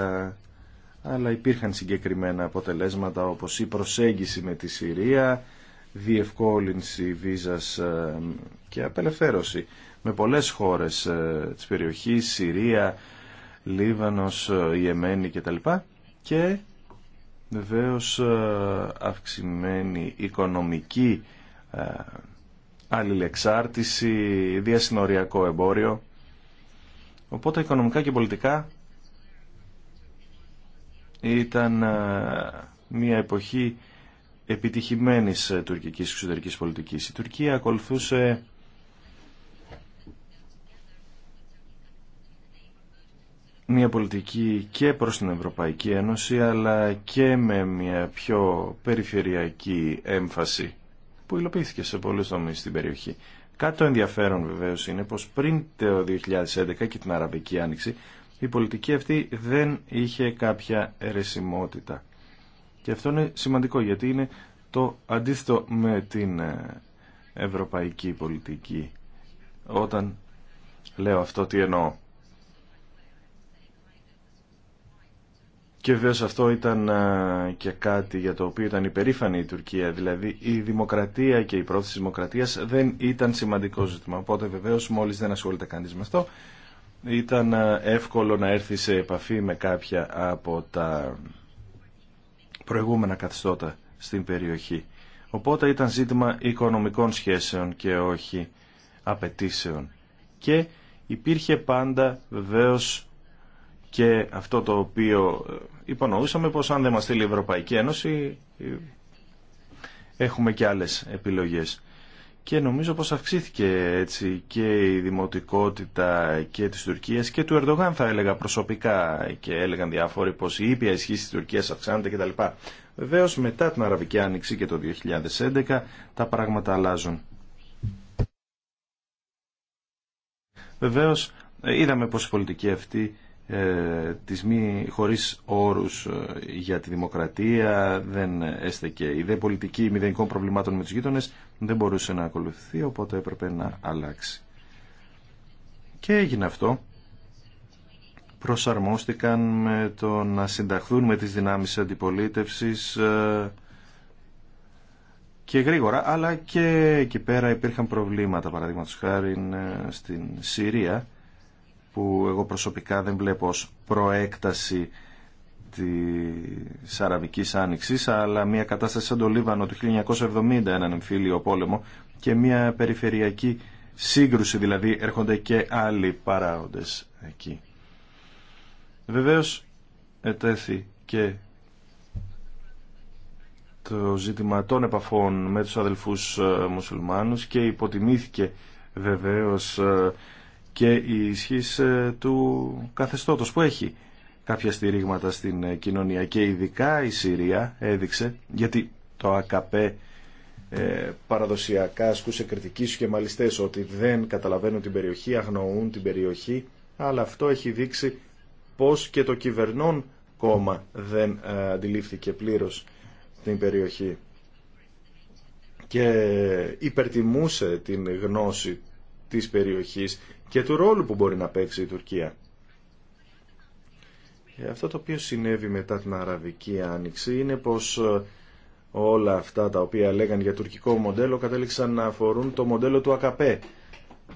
αλλά υπήρχαν συγκεκριμένα αποτελέσματα όπως η προσέγγιση με τη Συρία, διευκόλυνση βίζας ε, και απελευθέρωση με πολλές χώρες ε, της περιοχής, Συρία, Λίβανος, ε, Ιεμένη κτλ. Και βεβαίως αυξημένη οικονομική αλληλεξάρτηση, διασυνοριακό εμπόριο. Οπότε οικονομικά και πολιτικά ήταν ε, μια εποχή επιτυχημένης ε, τουρκικής εξωτερικής πολιτικής. Η Τουρκία ακολουθούσε μια πολιτική και προς την Ευρωπαϊκή Ένωση αλλά και με μια πιο περιφερειακή έμφαση που υλοποιήθηκε σε πολλούς τομείς στην περιοχή. Κάτι το ενδιαφέρον βεβαίως είναι πως πριν το 2011 και την Αραβική Άνοιξη η πολιτική αυτή δεν είχε κάποια αιρεσιμότητα. Και αυτό είναι σημαντικό γιατί είναι το αντίθετο με την ε, ευρωπαϊκή πολιτική. Όταν λέω αυτό τι εννοώ. Και βέβαια αυτό ήταν ε, και κάτι για το οποίο ήταν υπερήφανη η Τουρκία. Δηλαδή η δημοκρατία και η πρόθεση δημοκρατίας δεν ήταν σημαντικό ζήτημα. Οπότε βεβαίως μόλις δεν ασχολείται κανείς με αυτό ήταν ε, εύκολο να έρθει σε επαφή με κάποια από τα προηγούμενα καθιστώτα στην περιοχή. Οπότε ήταν ζήτημα οικονομικών σχέσεων και όχι απαιτήσεων. Και υπήρχε πάντα βεβαίως και αυτό το οποίο ε, υπονοούσαμε πως αν δεν μας στείλει η Ευρωπαϊκή Ένωση ε, έχουμε και άλλες επιλογές και νομίζω πως αυξήθηκε έτσι και η δημοτικότητα και της Τουρκίας και του Ερντογάν θα έλεγα προσωπικά και έλεγαν διάφοροι πως η ήπια ισχύση της Τουρκίας αυξάνεται κτλ. Βεβαίω μετά την Αραβική Άνοιξη και το 2011 τα πράγματα αλλάζουν. Βεβαίω είδαμε πως η πολιτική αυτή ε, τις μη, χωρίς όρους ε, για τη δημοκρατία, δεν έστεκε η δε πολιτική μηδενικών προβλημάτων με τους γείτονες, δεν μπορούσε να ακολουθεί οπότε έπρεπε να αλλάξει. Και έγινε αυτό. Προσαρμόστηκαν με το να συνταχθούν με τις δυνάμεις αντιπολίτευσης ε, και γρήγορα, αλλά και εκεί πέρα υπήρχαν προβλήματα, παραδείγματος χάρη ε, στην Συρία, που εγώ προσωπικά δεν βλέπω ως προέκταση της Αραβικής Άνοιξης αλλά μια κατάσταση σαν το Λίβανο του 1970 έναν εμφύλιο πόλεμο και μια περιφερειακή σύγκρουση δηλαδή έρχονται και άλλοι παράγοντες εκεί. Βεβαίως ετέθη και το ζήτημα των επαφών με τους αδελφούς ε, μουσουλμάνους και υποτιμήθηκε βεβαίως ε, και η ισχύ ε, του καθεστώτος που έχει κάποια στηρίγματα στην ε, κοινωνία και ειδικά η Συρία έδειξε γιατί το ΑΚΠ ε, παραδοσιακά ασκούσε κριτική και μαλιστές ότι δεν καταλαβαίνουν την περιοχή, αγνοούν την περιοχή αλλά αυτό έχει δείξει πως και το κυβερνών κόμμα δεν ε, αντιλήφθηκε πλήρως την περιοχή και υπερτιμούσε την γνώση της περιοχής και του ρόλου που μπορεί να παίξει η Τουρκία. Ε, αυτό το οποίο συνέβη μετά την Αραβική Άνοιξη είναι πως ε, όλα αυτά τα οποία λέγαν για τουρκικό μοντέλο κατέληξαν να αφορούν το μοντέλο του ΑΚΑΠΕ.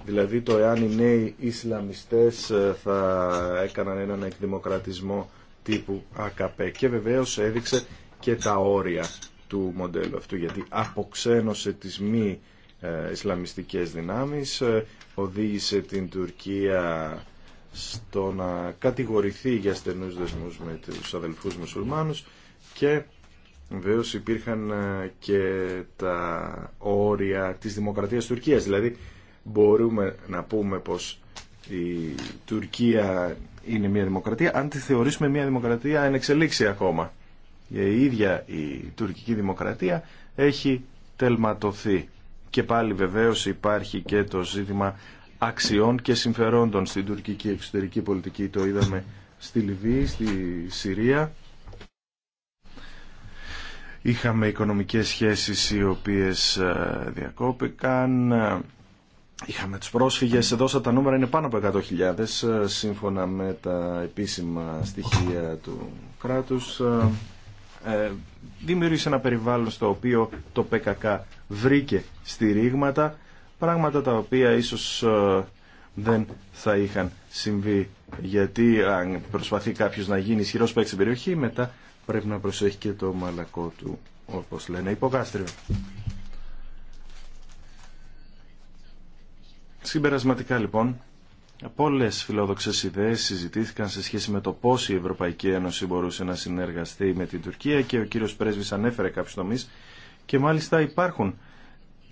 Δηλαδή το εάν οι νέοι Ισλαμιστές ε, θα έκαναν έναν εκδημοκρατισμό τύπου ΑΚΑΠΕ. Και βεβαίως έδειξε και τα όρια του μοντέλου αυτού γιατί αποξένωσε τις μη Ισλαμιστικές δυνάμεις οδήγησε την Τουρκία στο να κατηγορηθεί για στενούς δεσμούς με τους αδελφούς μουσουλμάνους και βεβαίω υπήρχαν ε, και τα όρια της δημοκρατίας Τουρκίας. Δηλαδή μπορούμε να πούμε πως η Τουρκία είναι μια δημοκρατία αν τη θεωρήσουμε μια δημοκρατία εν εξελίξη ακόμα. Η ίδια η τουρκική δημοκρατία έχει τελματωθεί. Και πάλι βεβαίως υπάρχει και το ζήτημα αξιών και συμφερόντων στην τουρκική εξωτερική πολιτική. Το είδαμε στη Λιβύη, στη Συρία. Είχαμε οικονομικές σχέσεις οι οποίες ε, διακόπηκαν. Είχαμε τους πρόσφυγες. Εδώ τα νούμερα είναι πάνω από 100.000 ε, σύμφωνα με τα επίσημα στοιχεία του κράτους. Ε, δημιούργησε ένα περιβάλλον στο οποίο το ΠΚΚ βρήκε στηρίγματα, πράγματα τα οποία ίσως ε, δεν θα είχαν συμβεί. Γιατί αν προσπαθεί κάποιος να γίνει ισχυρός παίκτης στην περιοχή, μετά πρέπει να προσέχει και το μαλακό του, όπως λένε, υποκάστριο. Συμπερασματικά λοιπόν, Πολλέ φιλοδοξέ ιδέε συζητήθηκαν σε σχέση με το πώς η Ευρωπαϊκή Ένωση μπορούσε να συνεργαστεί με την Τουρκία και ο κύριο Πρέσβης ανέφερε κάποιου τομεί και μάλιστα υπάρχουν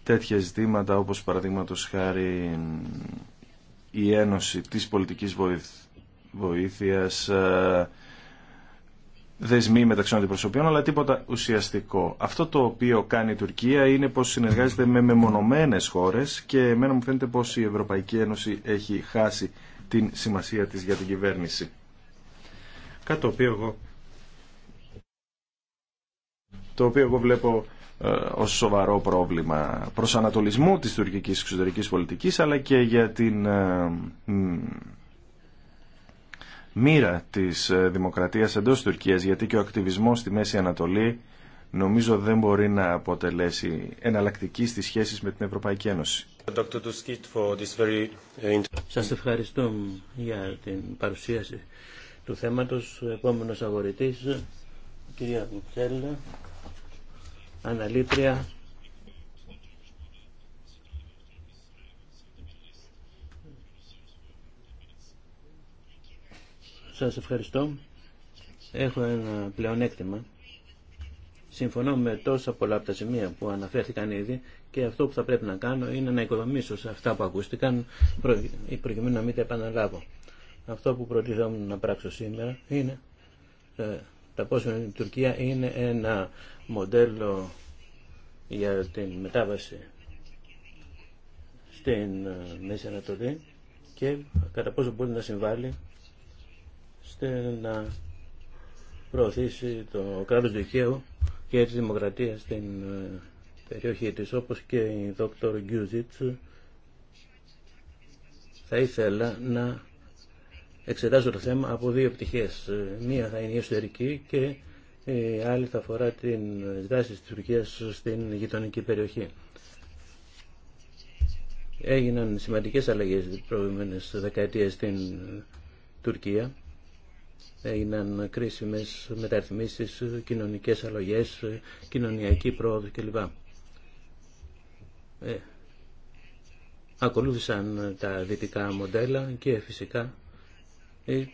τέτοια ζητήματα όπως παραδείγματο χάρη η Ένωση τη πολιτική Βοήθειας ε, δεσμοί μεταξύ των αντιπροσωπείων, αλλά τίποτα ουσιαστικό. Αυτό το οποίο κάνει η Τουρκία είναι πως συνεργάζεται με μεμονωμένες χώρες και εμένα μου φαίνεται πως η Ευρωπαϊκή Ένωση έχει χάσει την σημασία της για την κυβέρνηση. Κάτι το οποίο εγώ, το οποίο εγώ βλέπω ε, ως σοβαρό πρόβλημα προς ανατολισμού της τουρκικής εξωτερικής πολιτικής αλλά και για την ε, μοίρα της ε, δημοκρατίας εντό Τουρκία, γιατί και ο ακτιβισμός στη Μέση Ανατολή νομίζω δεν μπορεί να αποτελέσει εναλλακτική στις σχέσεις με την Ευρωπαϊκή Ένωση. Ε, Σας ευχαριστώ για την παρουσίαση του θέματος. Ο επόμενος κυρία Μουτσέλα, αναλήτρια Σας ευχαριστώ. Έχω ένα πλεονέκτημα. Συμφωνώ με τόσα πολλά από τα σημεία που αναφέρθηκαν ήδη και αυτό που θα πρέπει να κάνω είναι να οικοδομήσω σε αυτά που ακούστηκαν προκειμένου να μην τα επαναλάβω. Αυτό που προτιθόμουν να πράξω σήμερα είναι ε, τα πόσο η Τουρκία είναι ένα μοντέλο για την μετάβαση στην ε, Μέση Ανατολή και κατά πόσο μπορεί να συμβάλλει ώστε να προωθήσει το κράτος δικαίου και τη δημοκρατία στην ε, περιοχή της, όπως και η δόκτωρ Γκιούζιτς. Θα ήθελα να εξετάζω το θέμα από δύο πτυχές. Ε, μία θα είναι η εσωτερική και η άλλη θα αφορά την δράση της Τουρκίας στην γειτονική περιοχή. Έγιναν σημαντικές αλλαγές τις προηγούμενες δεκαετίες στην Τουρκία έγιναν κρίσιμες μεταρρυθμίσεις, κοινωνικές αλλογές, κοινωνιακή πρόοδο κλπ. Ε, ακολούθησαν τα δυτικά μοντέλα και φυσικά η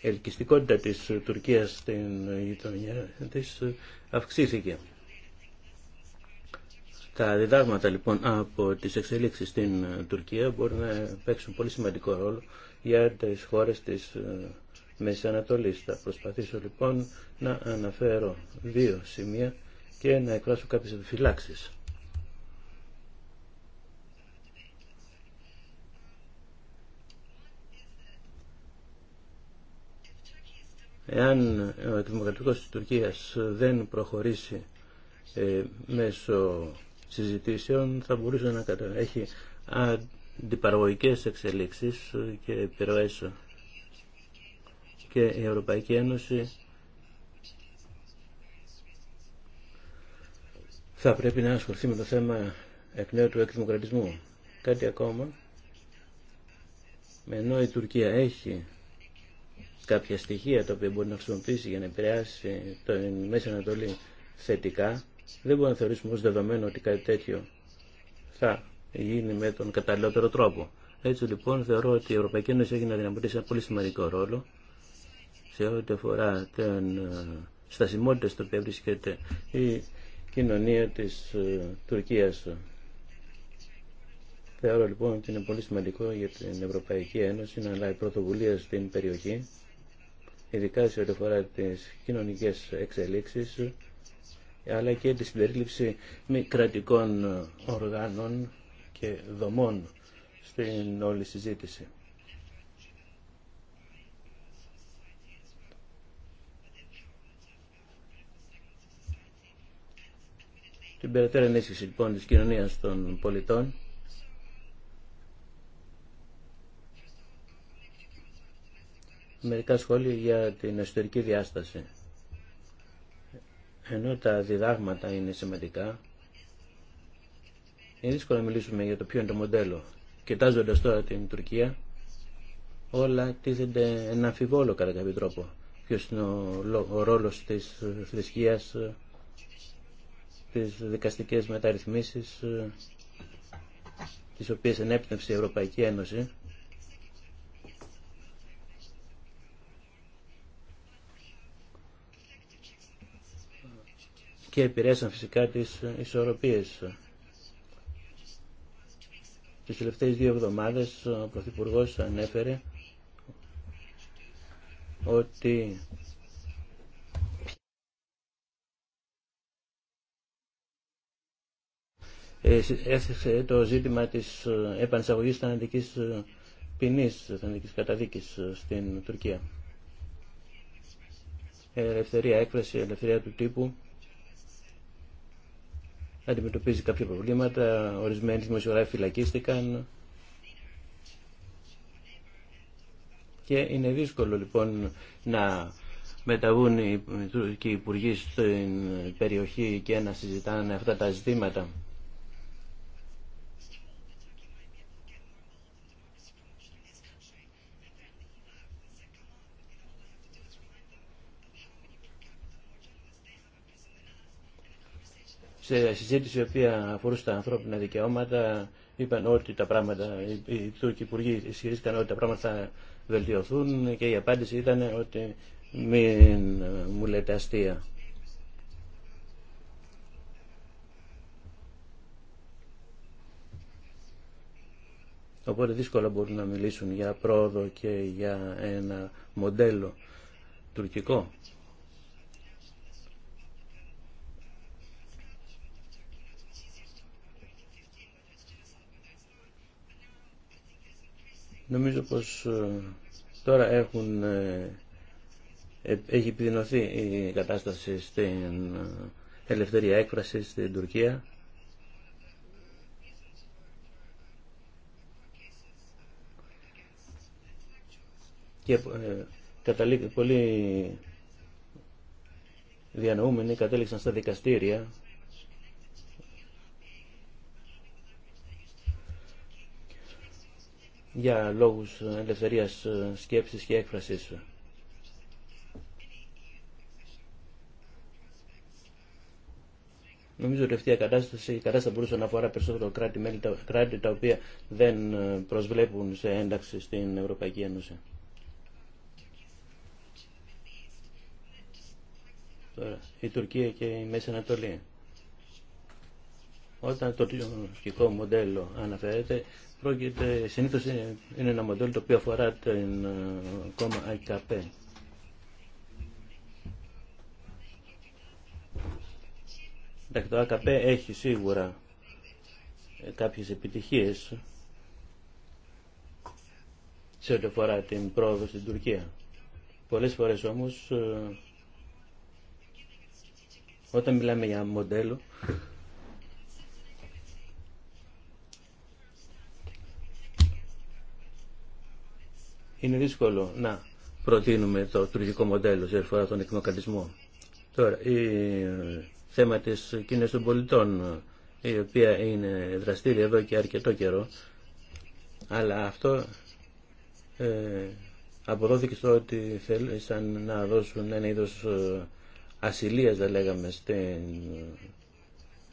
ελκυστικότητα της Τουρκίας στην γειτονιά της αυξήθηκε. Τα διδάγματα λοιπόν από τις εξελίξεις στην Τουρκία μπορούν να παίξουν πολύ σημαντικό ρόλο για τις χώρες της ε, Μέση Θα προσπαθήσω λοιπόν να αναφέρω δύο σημεία και να εκφράσω κάποιες επιφυλάξεις. Εάν ο εκδημοκρατικός της Τουρκίας δεν προχωρήσει ε, μέσω συζητήσεων θα μπορούσε να κατα... έχει αντιπαραγωγικές εξελίξεις και επιρροές και η Ευρωπαϊκή Ένωση θα πρέπει να ασχοληθεί με το θέμα εκ νέου του εκδημοκρατισμού. Κάτι ακόμα, ενώ η Τουρκία έχει κάποια στοιχεία τα οποία μπορεί να χρησιμοποιήσει για να επηρεάσει το Μέση Ανατολή θετικά, δεν μπορούμε να θεωρήσουμε ως δεδομένο ότι κάτι τέτοιο θα γίνει με τον καταλληλότερο τρόπο. Έτσι λοιπόν θεωρώ ότι η Ευρωπαϊκή Ένωση έχει να δυναμωτήσει ένα πολύ σημαντικό ρόλο σε ό,τι αφορά την ε, στασιμότητα στο οποίο βρίσκεται η κοινωνία της ε, Τουρκίας. Θεωρώ λοιπόν ότι είναι πολύ σημαντικό για την Ευρωπαϊκή Ένωση να λάβει πρωτοβουλία στην περιοχή, ειδικά σε ό,τι αφορά τις κοινωνικές εξελίξεις, αλλά και τη συμπερίληψη μη κρατικών οργάνων και δομών στην όλη συζήτηση. την περαιτέρω ενίσχυση λοιπόν της κοινωνίας των πολιτών μερικά σχόλια για την εσωτερική διάσταση ενώ τα διδάγματα είναι σημαντικά είναι δύσκολο να μιλήσουμε για το ποιο είναι το μοντέλο Κοιτάζοντα τώρα την Τουρκία όλα τίθενται ένα αμφιβόλο κατά κάποιο τρόπο ποιος είναι ο ρόλος τη θρησκείας τις δικαστικές μεταρρυθμίσεις ε, τις οποίες ενέπνευσε η Ευρωπαϊκή Ένωση και επηρέασαν φυσικά τις ισορροπίες. Τις τελευταίες δύο εβδομάδες ο Πρωθυπουργός ανέφερε ότι έθεσε το ζήτημα της ε, επανεισαγωγής θανατικής ε, ποινής, θανατικής καταδίκης ε, στην Τουρκία. Ελευθερία έκφραση, ελευθερία του τύπου αντιμετωπίζει κάποια προβλήματα, ορισμένοι δημοσιογράφοι φυλακίστηκαν και είναι δύσκολο λοιπόν να μεταβούν οι Τούρκοι υπουργοί στην περιοχή και να συζητάνε αυτά τα ζητήματα. σε συζήτηση η οποία αφορούσε τα ανθρώπινα δικαιώματα είπαν ότι τα πράγματα, οι Τούρκοι υπουργοί ισχυρίστηκαν ότι τα πράγματα θα βελτιωθούν και η απάντηση ήταν ότι μην μου λέτε αστεία. Οπότε δύσκολα μπορούν να μιλήσουν για πρόοδο και για ένα μοντέλο τουρκικό. Νομίζω πως ε, τώρα έχουν, ε, ε, έχει επιδεινωθεί η κατάσταση στην ελευθερία έκφραση στην Τουρκία. Και πολύ διανοούμενοι κατέληξαν στα δικαστήρια για λόγους ελευθερίας ε, σκέψης και έκφρασης. Νομίζω ότι αυτή η κατάσταση, η κατάσταση μπορούσε να αφορά περισσότερο κράτη-μέλη, τα, κράτη τα οποία δεν ε, προσβλέπουν σε ένταξη στην Ευρωπαϊκή Ένωση. Τώρα, η Τουρκία και η Μέση Ανατολή. Όταν το τηλεοπτικό μοντέλο αναφέρεται, πρόκειται, συνήθως είναι ένα μοντέλο το οποίο αφορά την ε, κόμμα ΑΚΠ. το ΑΚΠ έχει σίγουρα ε, κάποιες επιτυχίες σε ό,τι αφορά την πρόοδο στην Τουρκία. Πολλές φορές όμως, ε, όταν μιλάμε για μοντέλο, είναι δύσκολο να προτείνουμε το τουρκικό μοντέλο σε αφορά τον εκμοκρατισμό. Τώρα, η ε, θέμα της κοινωνίας των πολιτών, ε, η οποία είναι δραστήρια εδώ και αρκετό καιρό, αλλά αυτό ε, αποδόθηκε στο ότι θέλησαν να δώσουν ένα είδος ε, ασυλίας, θα λέγαμε, στην,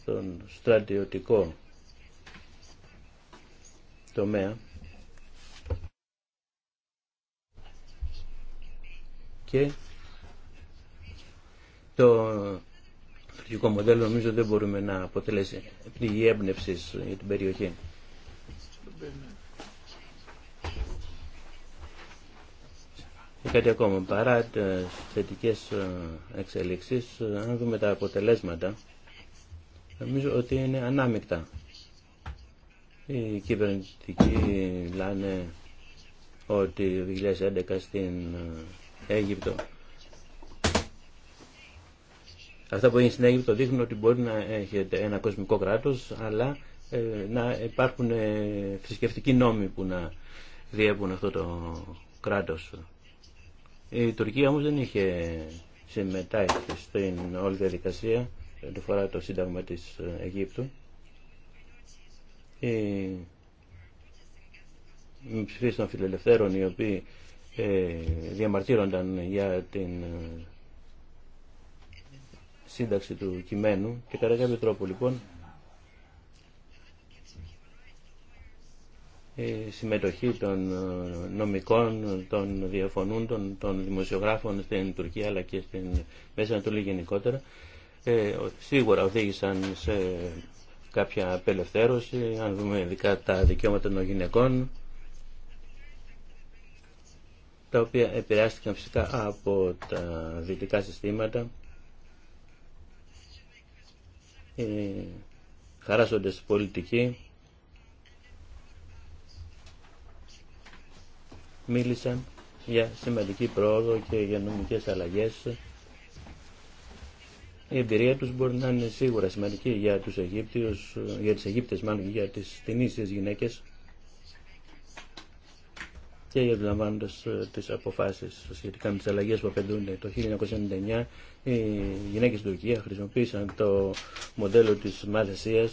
στον στρατιωτικό τομέα και το φυσικό μοντέλο νομίζω δεν μπορούμε να αποτελέσει πηγή έμπνευση για την περιοχή. Και κάτι ακόμα, παρά τι θετικέ ε, εξελίξει ε, αν δούμε τα αποτελέσματα, νομίζω ότι είναι ανάμεικτα. Οι κυβερνητικοί λένε ότι 2011 στην ε, Αίγυπτο. Αυτά που έγινε στην Αίγυπτο δείχνουν ότι μπορεί να έχετε ένα κοσμικό κράτος, αλλά ε, να υπάρχουν ε, θρησκευτικοί νόμοι που να διέπουν αυτό το κράτος. Η Τουρκία όμως δεν είχε συμμετάσχει στην όλη διαδικασία του φορά το Σύνταγμα της Αιγύπτου. Οι ψηφίες των φιλελευθέρων οι οποίοι ε, διαμαρτύρονταν για την ε, σύνταξη του κειμένου και κατά κάποιο τρόπο λοιπόν ε, η συμμετοχή των νομικών, των διαφωνούντων, των δημοσιογράφων στην Τουρκία αλλά και στην Μέση Ανατολή γενικότερα σίγουρα οδήγησαν σε κάποια απελευθέρωση, αν δούμε ειδικά τα δικαιώματα των γυναικών τα οποία επηρεάστηκαν φυσικά από τα δυτικά συστήματα. Οι χαράσοντες πολιτικοί μίλησαν για σημαντική πρόοδο και για νομικές αλλαγές. Η εμπειρία τους μπορεί να είναι σίγουρα σημαντική για τους Αιγύπτιους, για τις Αιγύπτες μάλλον, για τις τινήσιες γυναίκες και εκλαμβάνοντε ε, τι αποφάσει σχετικά με τι αλλαγέ που απαιτούνται. Το 1999 οι γυναίκε στην Τουρκία χρησιμοποίησαν το μοντέλο τη Μαλαισία.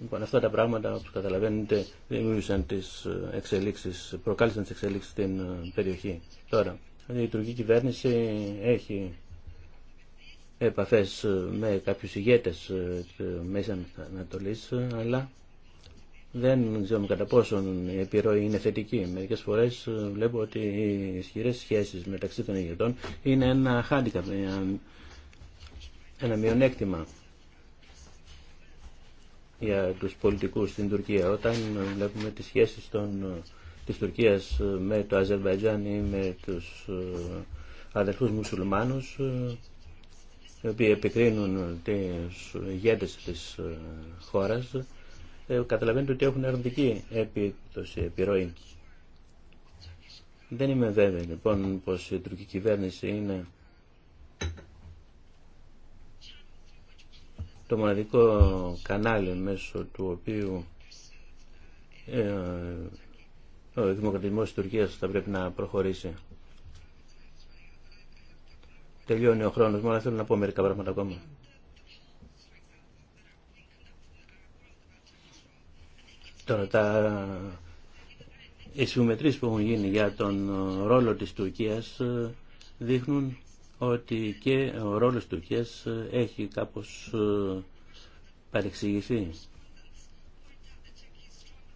Λοιπόν, αυτά τα πράγματα, όπω καταλαβαίνετε, δημιούργησαν τι ε, εξελίξει, προκάλεσαν τι εξελίξει στην ε, περιοχή. Τώρα, η τουρκική κυβέρνηση έχει επαφές με κάποιους ηγέτες της Μέσης Ανατολής, αλλά δεν ξέρουμε κατά πόσον η επιρροή είναι θετική. Μερικές φορές ε, βλέπω ότι οι ισχυρές σχέσεις μεταξύ των ηγετών είναι ένα χάντικα, ένα μειονέκτημα για τους πολιτικούς στην Τουρκία. Όταν βλέπουμε τις σχέσεις των, ε, της Τουρκίας ε, με το Αζερβαϊτζάν ή με τους αδελφούς μουσουλμάνους, οι οποίοι επικρίνουν τις ηγέτες της χώρας, ε, καταλαβαίνετε ότι έχουν αρνητική επίπτωση, επιρροή. Δεν είμαι βέβαιο λοιπόν πως η τουρκική κυβέρνηση είναι το μοναδικό κανάλι μέσω του οποίου ε, ο δημοκρατισμός της Τουρκία θα πρέπει να προχωρήσει. Τελειώνει ο χρόνος μου, θέλω να πω μερικά πράγματα ακόμα. Τώρα τα οι που έχουν γίνει για τον ρόλο της Τουρκίας ε, δείχνουν ότι και ο ρόλος της Τουρκίας ε, έχει κάπως ε, παρεξηγηθεί.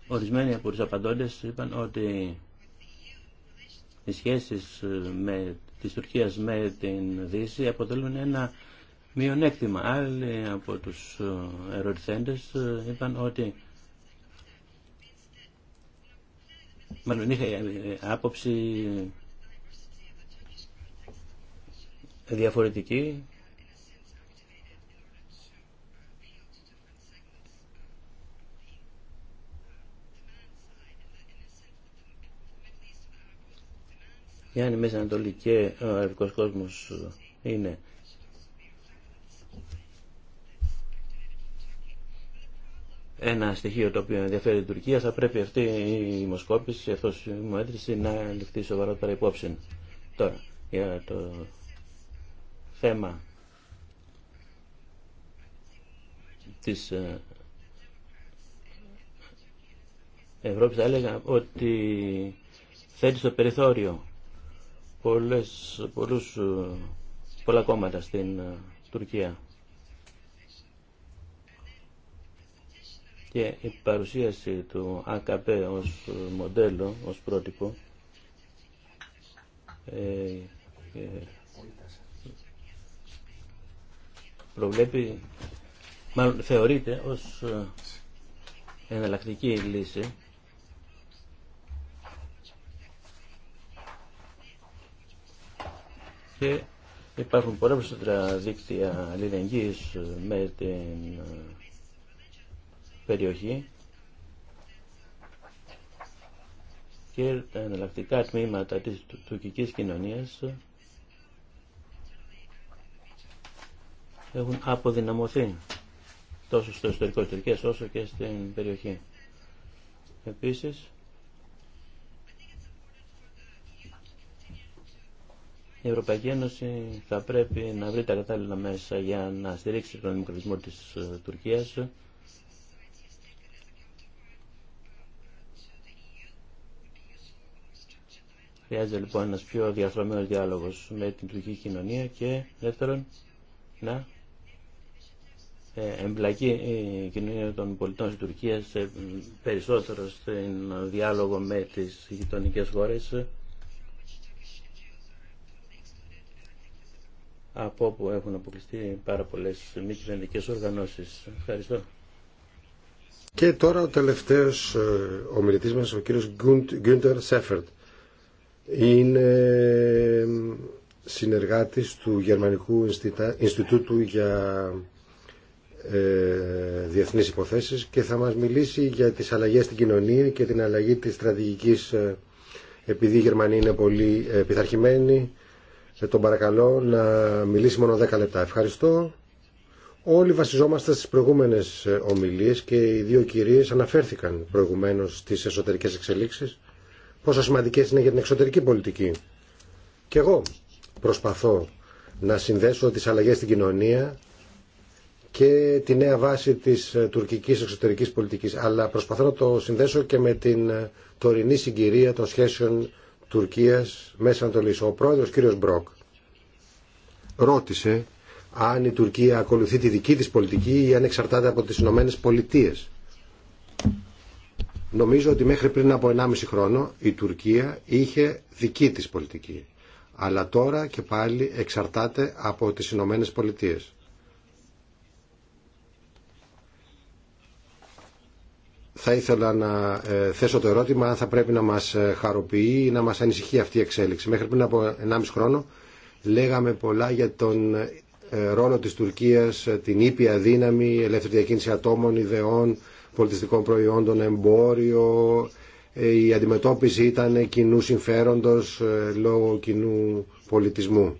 Ορισμένοι από τους απαντώντες είπαν ότι οι σχέσεις με, της Τουρκίας με την Δύση αποτελούν ένα μειονέκτημα. Άλλοι από τους ερωτηθέντες είπαν ότι μάλλον είχα ε, ε, άποψη διαφορετική αν η Μέση Ανατολή και ο αραβικός κόσμος ε, είναι ένα στοιχείο το οποίο ενδιαφέρει την Τουρκία, θα πρέπει αυτή η δημοσκόπηση, αυτό η μέτρηση να ληφθεί σοβαρότερα υπόψη. Τώρα, για το θέμα της ε, Ευρώπης θα έλεγα ότι θέτει στο περιθώριο πολλές, πολλούς, ε, πολλά κόμματα στην ε, Τουρκία. και η παρουσίαση του ΑΚΠ ως μοντέλο, ως πρότυπο ε, ε, προβλέπει, μάλλον θεωρείται ως ε, εναλλακτική λύση και υπάρχουν πολλά περισσότερα δίκτυα αλληλεγγύης με την περιοχή και τα εναλλακτικά τμήματα της τουρκικής κοινωνίας έχουν αποδυναμωθεί τόσο στο ιστορικό Τουρκίας όσο και στην περιοχή. Επίσης, η Ευρωπαϊκή Ένωση θα πρέπει να βρει τα κατάλληλα μέσα για να στηρίξει τον δημοκρατισμό της ε, Τουρκίας Χρειάζεται λοιπόν ένας πιο διαθρωμένος διάλογος με την τουρκική κοινωνία και δεύτερον να ε, εμπλακεί η κοινωνία των πολιτών της Τουρκίας ε, περισσότερο στην διάλογο με τις γειτονικέ χώρε. από όπου έχουν αποκλειστεί πάρα πολλές μη κυβερνικές οργανώσεις. Ευχαριστώ. Και τώρα ο τελευταίος ε, ομιλητής μας, ο κύριος Γκούντερ Σέφερτ είναι συνεργάτης του Γερμανικού Ινστιτούτου για ε, Διεθνείς Υποθέσεις και θα μας μιλήσει για τις αλλαγές στην κοινωνία και την αλλαγή της στρατηγικής ε, επειδή η Γερμανοί είναι πολύ ε, ε, τον παρακαλώ να μιλήσει μόνο 10 λεπτά. Ευχαριστώ. Όλοι βασιζόμαστε στις προηγούμενες ομιλίες και οι δύο κυρίες αναφέρθηκαν προηγουμένως στις εσωτερικές εξελίξεις πόσο σημαντικές είναι για την εξωτερική πολιτική. Και εγώ προσπαθώ να συνδέσω τις αλλαγές στην κοινωνία και τη νέα βάση της ε, τουρκικής εξωτερικής πολιτικής. Αλλά προσπαθώ να το συνδέσω και με την ε, τωρινή συγκυρία των σχέσεων Τουρκίας μέσα Ανατολής. Ο πρόεδρος κύριος Μπροκ ρώτησε αν η Τουρκία ακολουθεί τη δική της πολιτική ή αν εξαρτάται από τις Ηνωμένε Πολιτείες. Νομίζω ότι μέχρι πριν από 1,5 χρόνο η Τουρκία είχε δική της πολιτική. Αλλά τώρα και πάλι εξαρτάται από τις Ηνωμένε Πολιτείε. Θα ήθελα να ε, θέσω το ερώτημα αν θα πρέπει να μας ε, χαροποιεί ή να μας ανησυχεί αυτή η εξέλιξη. Μέχρι πριν από 1,5 χρόνο λέγαμε πολλά για τον ε, ρόλο της Τουρκίας, την ήπια δύναμη, ελεύθερη διακίνηση ατόμων, ιδεών, πολιτιστικών προϊόντων, εμπόριο, ε, η αντιμετώπιση ήταν κοινού συμφέροντος ε, λόγω κοινού πολιτισμού.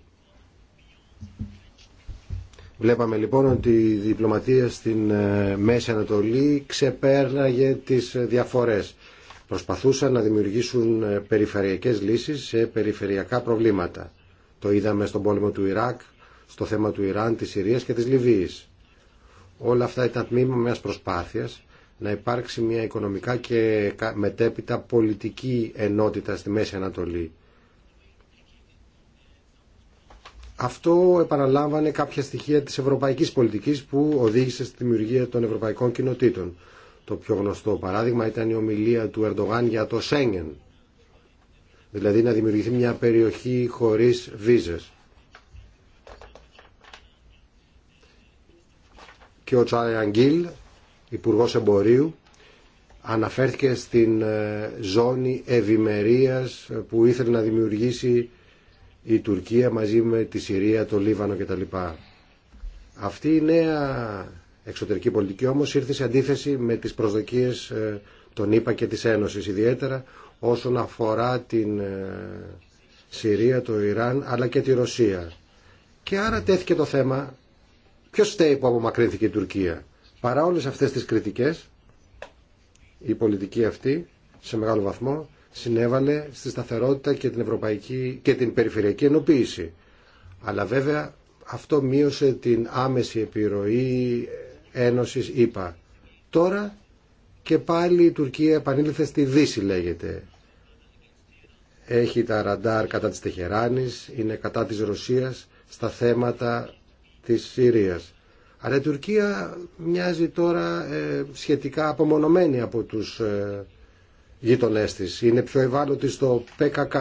Βλέπαμε λοιπόν ότι η διπλωματία στην ε, Μέση Ανατολή ξεπέρναγε τις διαφορές. Προσπαθούσαν να δημιουργήσουν περιφερειακές λύσεις σε περιφερειακά προβλήματα. Το είδαμε στον πόλεμο του Ιράκ, στο θέμα του Ιράν, της Συρίας και της Λιβύης. Όλα αυτά ήταν τμήμα μιας προσπάθειας να υπάρξει μια οικονομικά και μετέπειτα πολιτική ενότητα στη Μέση Ανατολή. Αυτό επαναλάμβανε κάποια στοιχεία της ευρωπαϊκής πολιτικής που οδήγησε στη δημιουργία των ευρωπαϊκών κοινοτήτων. Το πιο γνωστό παράδειγμα ήταν η ομιλία του Ερντογάν για το Σέγγεν. Δηλαδή να δημιουργηθεί μια περιοχή χωρίς βίζες. Και ο Τσάι Αγγίλ Υπουργό Εμπορίου, αναφέρθηκε στην ε, ζώνη ευημερία ε, που ήθελε να δημιουργήσει η Τουρκία μαζί με τη Συρία, το Λίβανο κτλ. Αυτή η νέα εξωτερική πολιτική όμως ήρθε σε αντίθεση με τις προσδοκίες ε, των ΗΠΑ και της Ένωσης ιδιαίτερα όσον αφορά την Συρία, το Ιράν αλλά και τη Ρωσία. Και άρα τέθηκε το θέμα ποιος στέει που απομακρύνθηκε η Τουρκία. Παρά όλες αυτές τις κριτικές, η πολιτική αυτή σε μεγάλο βαθμό συνέβαλε στη σταθερότητα και την, ευρωπαϊκή, και την περιφερειακή ενοποίηση. Αλλά βέβαια αυτό μείωσε την άμεση επιρροή Ένωσης είπα. Τώρα και πάλι η Τουρκία επανήλθε στη Δύση λέγεται. Έχει τα ραντάρ κατά της Τεχεράνης, είναι κατά της Ρωσίας στα θέματα της Συρίας. Αλλά η Τουρκία μοιάζει τώρα ε, σχετικά απομονωμένη από τους ε, γείτονές της. Είναι πιο ευάλωτη στο ΠΚΚ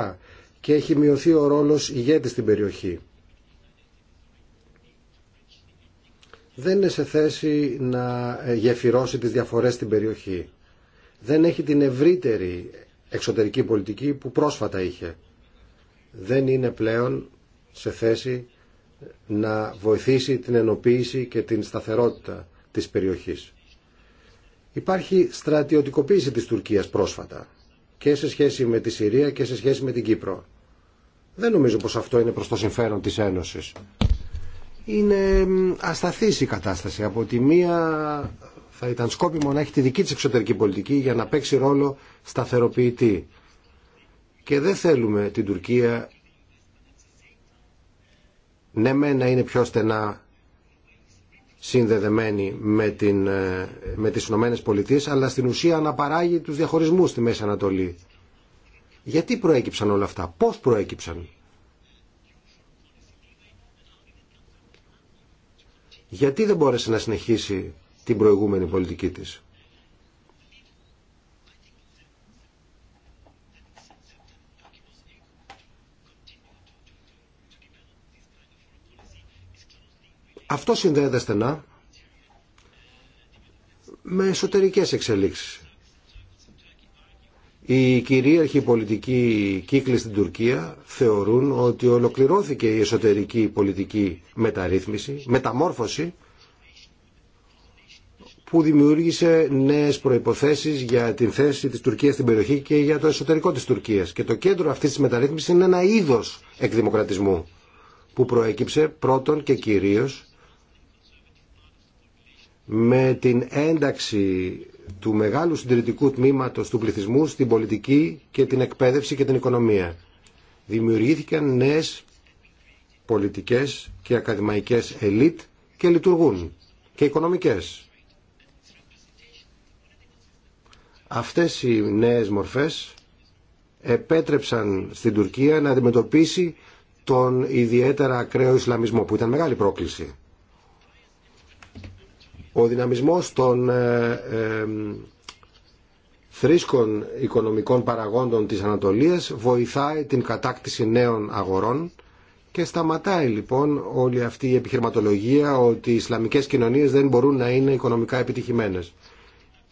και έχει μειωθεί ο ρόλος ηγέτης στην περιοχή. Δεν είναι σε θέση να ε, γεφυρώσει τις διαφορές στην περιοχή. Δεν έχει την ευρύτερη εξωτερική πολιτική που πρόσφατα είχε. Δεν είναι πλέον σε θέση να βοηθήσει την ενοποίηση και την σταθερότητα της περιοχής. Υπάρχει στρατιωτικοποίηση της Τουρκίας πρόσφατα και σε σχέση με τη Συρία και σε σχέση με την Κύπρο. Δεν νομίζω πως αυτό είναι προς το συμφέρον της Ένωσης. Είναι ασταθής η κατάσταση. Από τη μία θα ήταν σκόπιμο να έχει τη δική της εξωτερική πολιτική για να παίξει ρόλο σταθεροποιητή. Και δεν θέλουμε την Τουρκία ναι με να είναι πιο στενά συνδεδεμένη με, την, ε, με τις Ηνωμένε Πολιτείες αλλά στην ουσία αναπαράγει τους διαχωρισμούς στη Μέση Ανατολή. Γιατί προέκυψαν όλα αυτά, πώς προέκυψαν. Γιατί δεν μπόρεσε να συνεχίσει την προηγούμενη πολιτική της. Αυτό συνδέεται στενά με εσωτερικές εξελίξεις. Οι κυρίαρχοι πολιτικοί κύκλοι στην Τουρκία θεωρούν ότι ολοκληρώθηκε η εσωτερική πολιτική μεταρρύθμιση, μεταμόρφωση που δημιούργησε νέες προϋποθέσεις για την θέση της Τουρκίας στην περιοχή και για το εσωτερικό της Τουρκίας. Και το κέντρο αυτής της μεταρρύθμισης είναι ένα είδος εκδημοκρατισμού που προέκυψε πρώτον και κυρίως με την ένταξη του μεγάλου συντηρητικού τμήματος του πληθυσμού στην πολιτική και την εκπαίδευση και την οικονομία. Δημιουργήθηκαν νέες πολιτικές και ακαδημαϊκές ελίτ και λειτουργούν και οικονομικές. Αυτές οι νέες μορφές επέτρεψαν στην Τουρκία να αντιμετωπίσει τον ιδιαίτερα ακραίο Ισλαμισμό που ήταν μεγάλη πρόκληση. Ο δυναμισμός των ε, ε, θρήσκων οικονομικών παραγόντων της Ανατολίας βοηθάει την κατάκτηση νέων αγορών και σταματάει λοιπόν όλη αυτή η επιχειρηματολογία ότι οι Ισλαμικές κοινωνίες δεν μπορούν να είναι οικονομικά επιτυχημένες.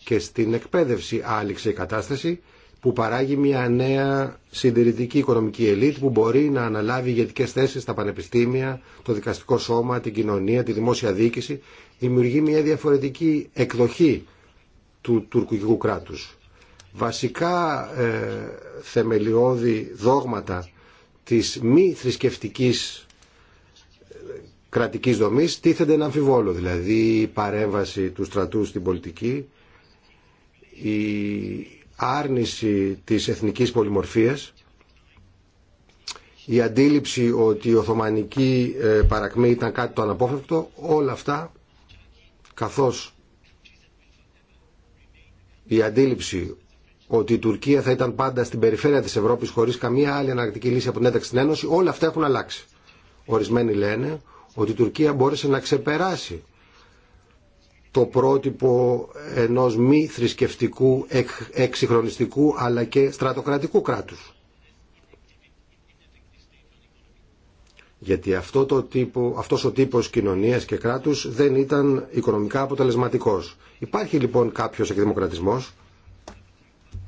Και στην εκπαίδευση άλυξε η κατάσταση που παράγει μια νέα συντηρητική οικονομική ελίτ που μπορεί να αναλάβει ηγετικέ θέσει στα πανεπιστήμια, το δικαστικό σώμα, την κοινωνία, τη δημόσια διοίκηση, δημιουργεί μια διαφορετική εκδοχή του τουρκικού κράτους. Βασικά ε, θεμελιώδη δόγματα της μη θρησκευτικής ε, κρατικής δομής τίθενται να αμφιβόλο, δηλαδή η παρέμβαση του στρατού στην πολιτική, η άρνηση της εθνικής πολυμορφίας, η αντίληψη ότι η Οθωμανική ε, παρακμή ήταν κάτι το αναπόφευκτο, όλα αυτά, καθώς η αντίληψη ότι η Τουρκία θα ήταν πάντα στην περιφέρεια της Ευρώπης χωρίς καμία άλλη αναρκτική λύση από την ένταξη στην Ένωση, όλα αυτά έχουν αλλάξει. Ορισμένοι λένε ότι η Τουρκία μπόρεσε να ξεπεράσει το πρότυπο ενός μη θρησκευτικού, εξυγχρονιστικού αλλά και στρατοκρατικού κράτους. Γιατί αυτό το τύπο, αυτός ο τύπος κοινωνίας και κράτους δεν ήταν οικονομικά αποτελεσματικός. Υπάρχει λοιπόν κάποιος εκδημοκρατισμός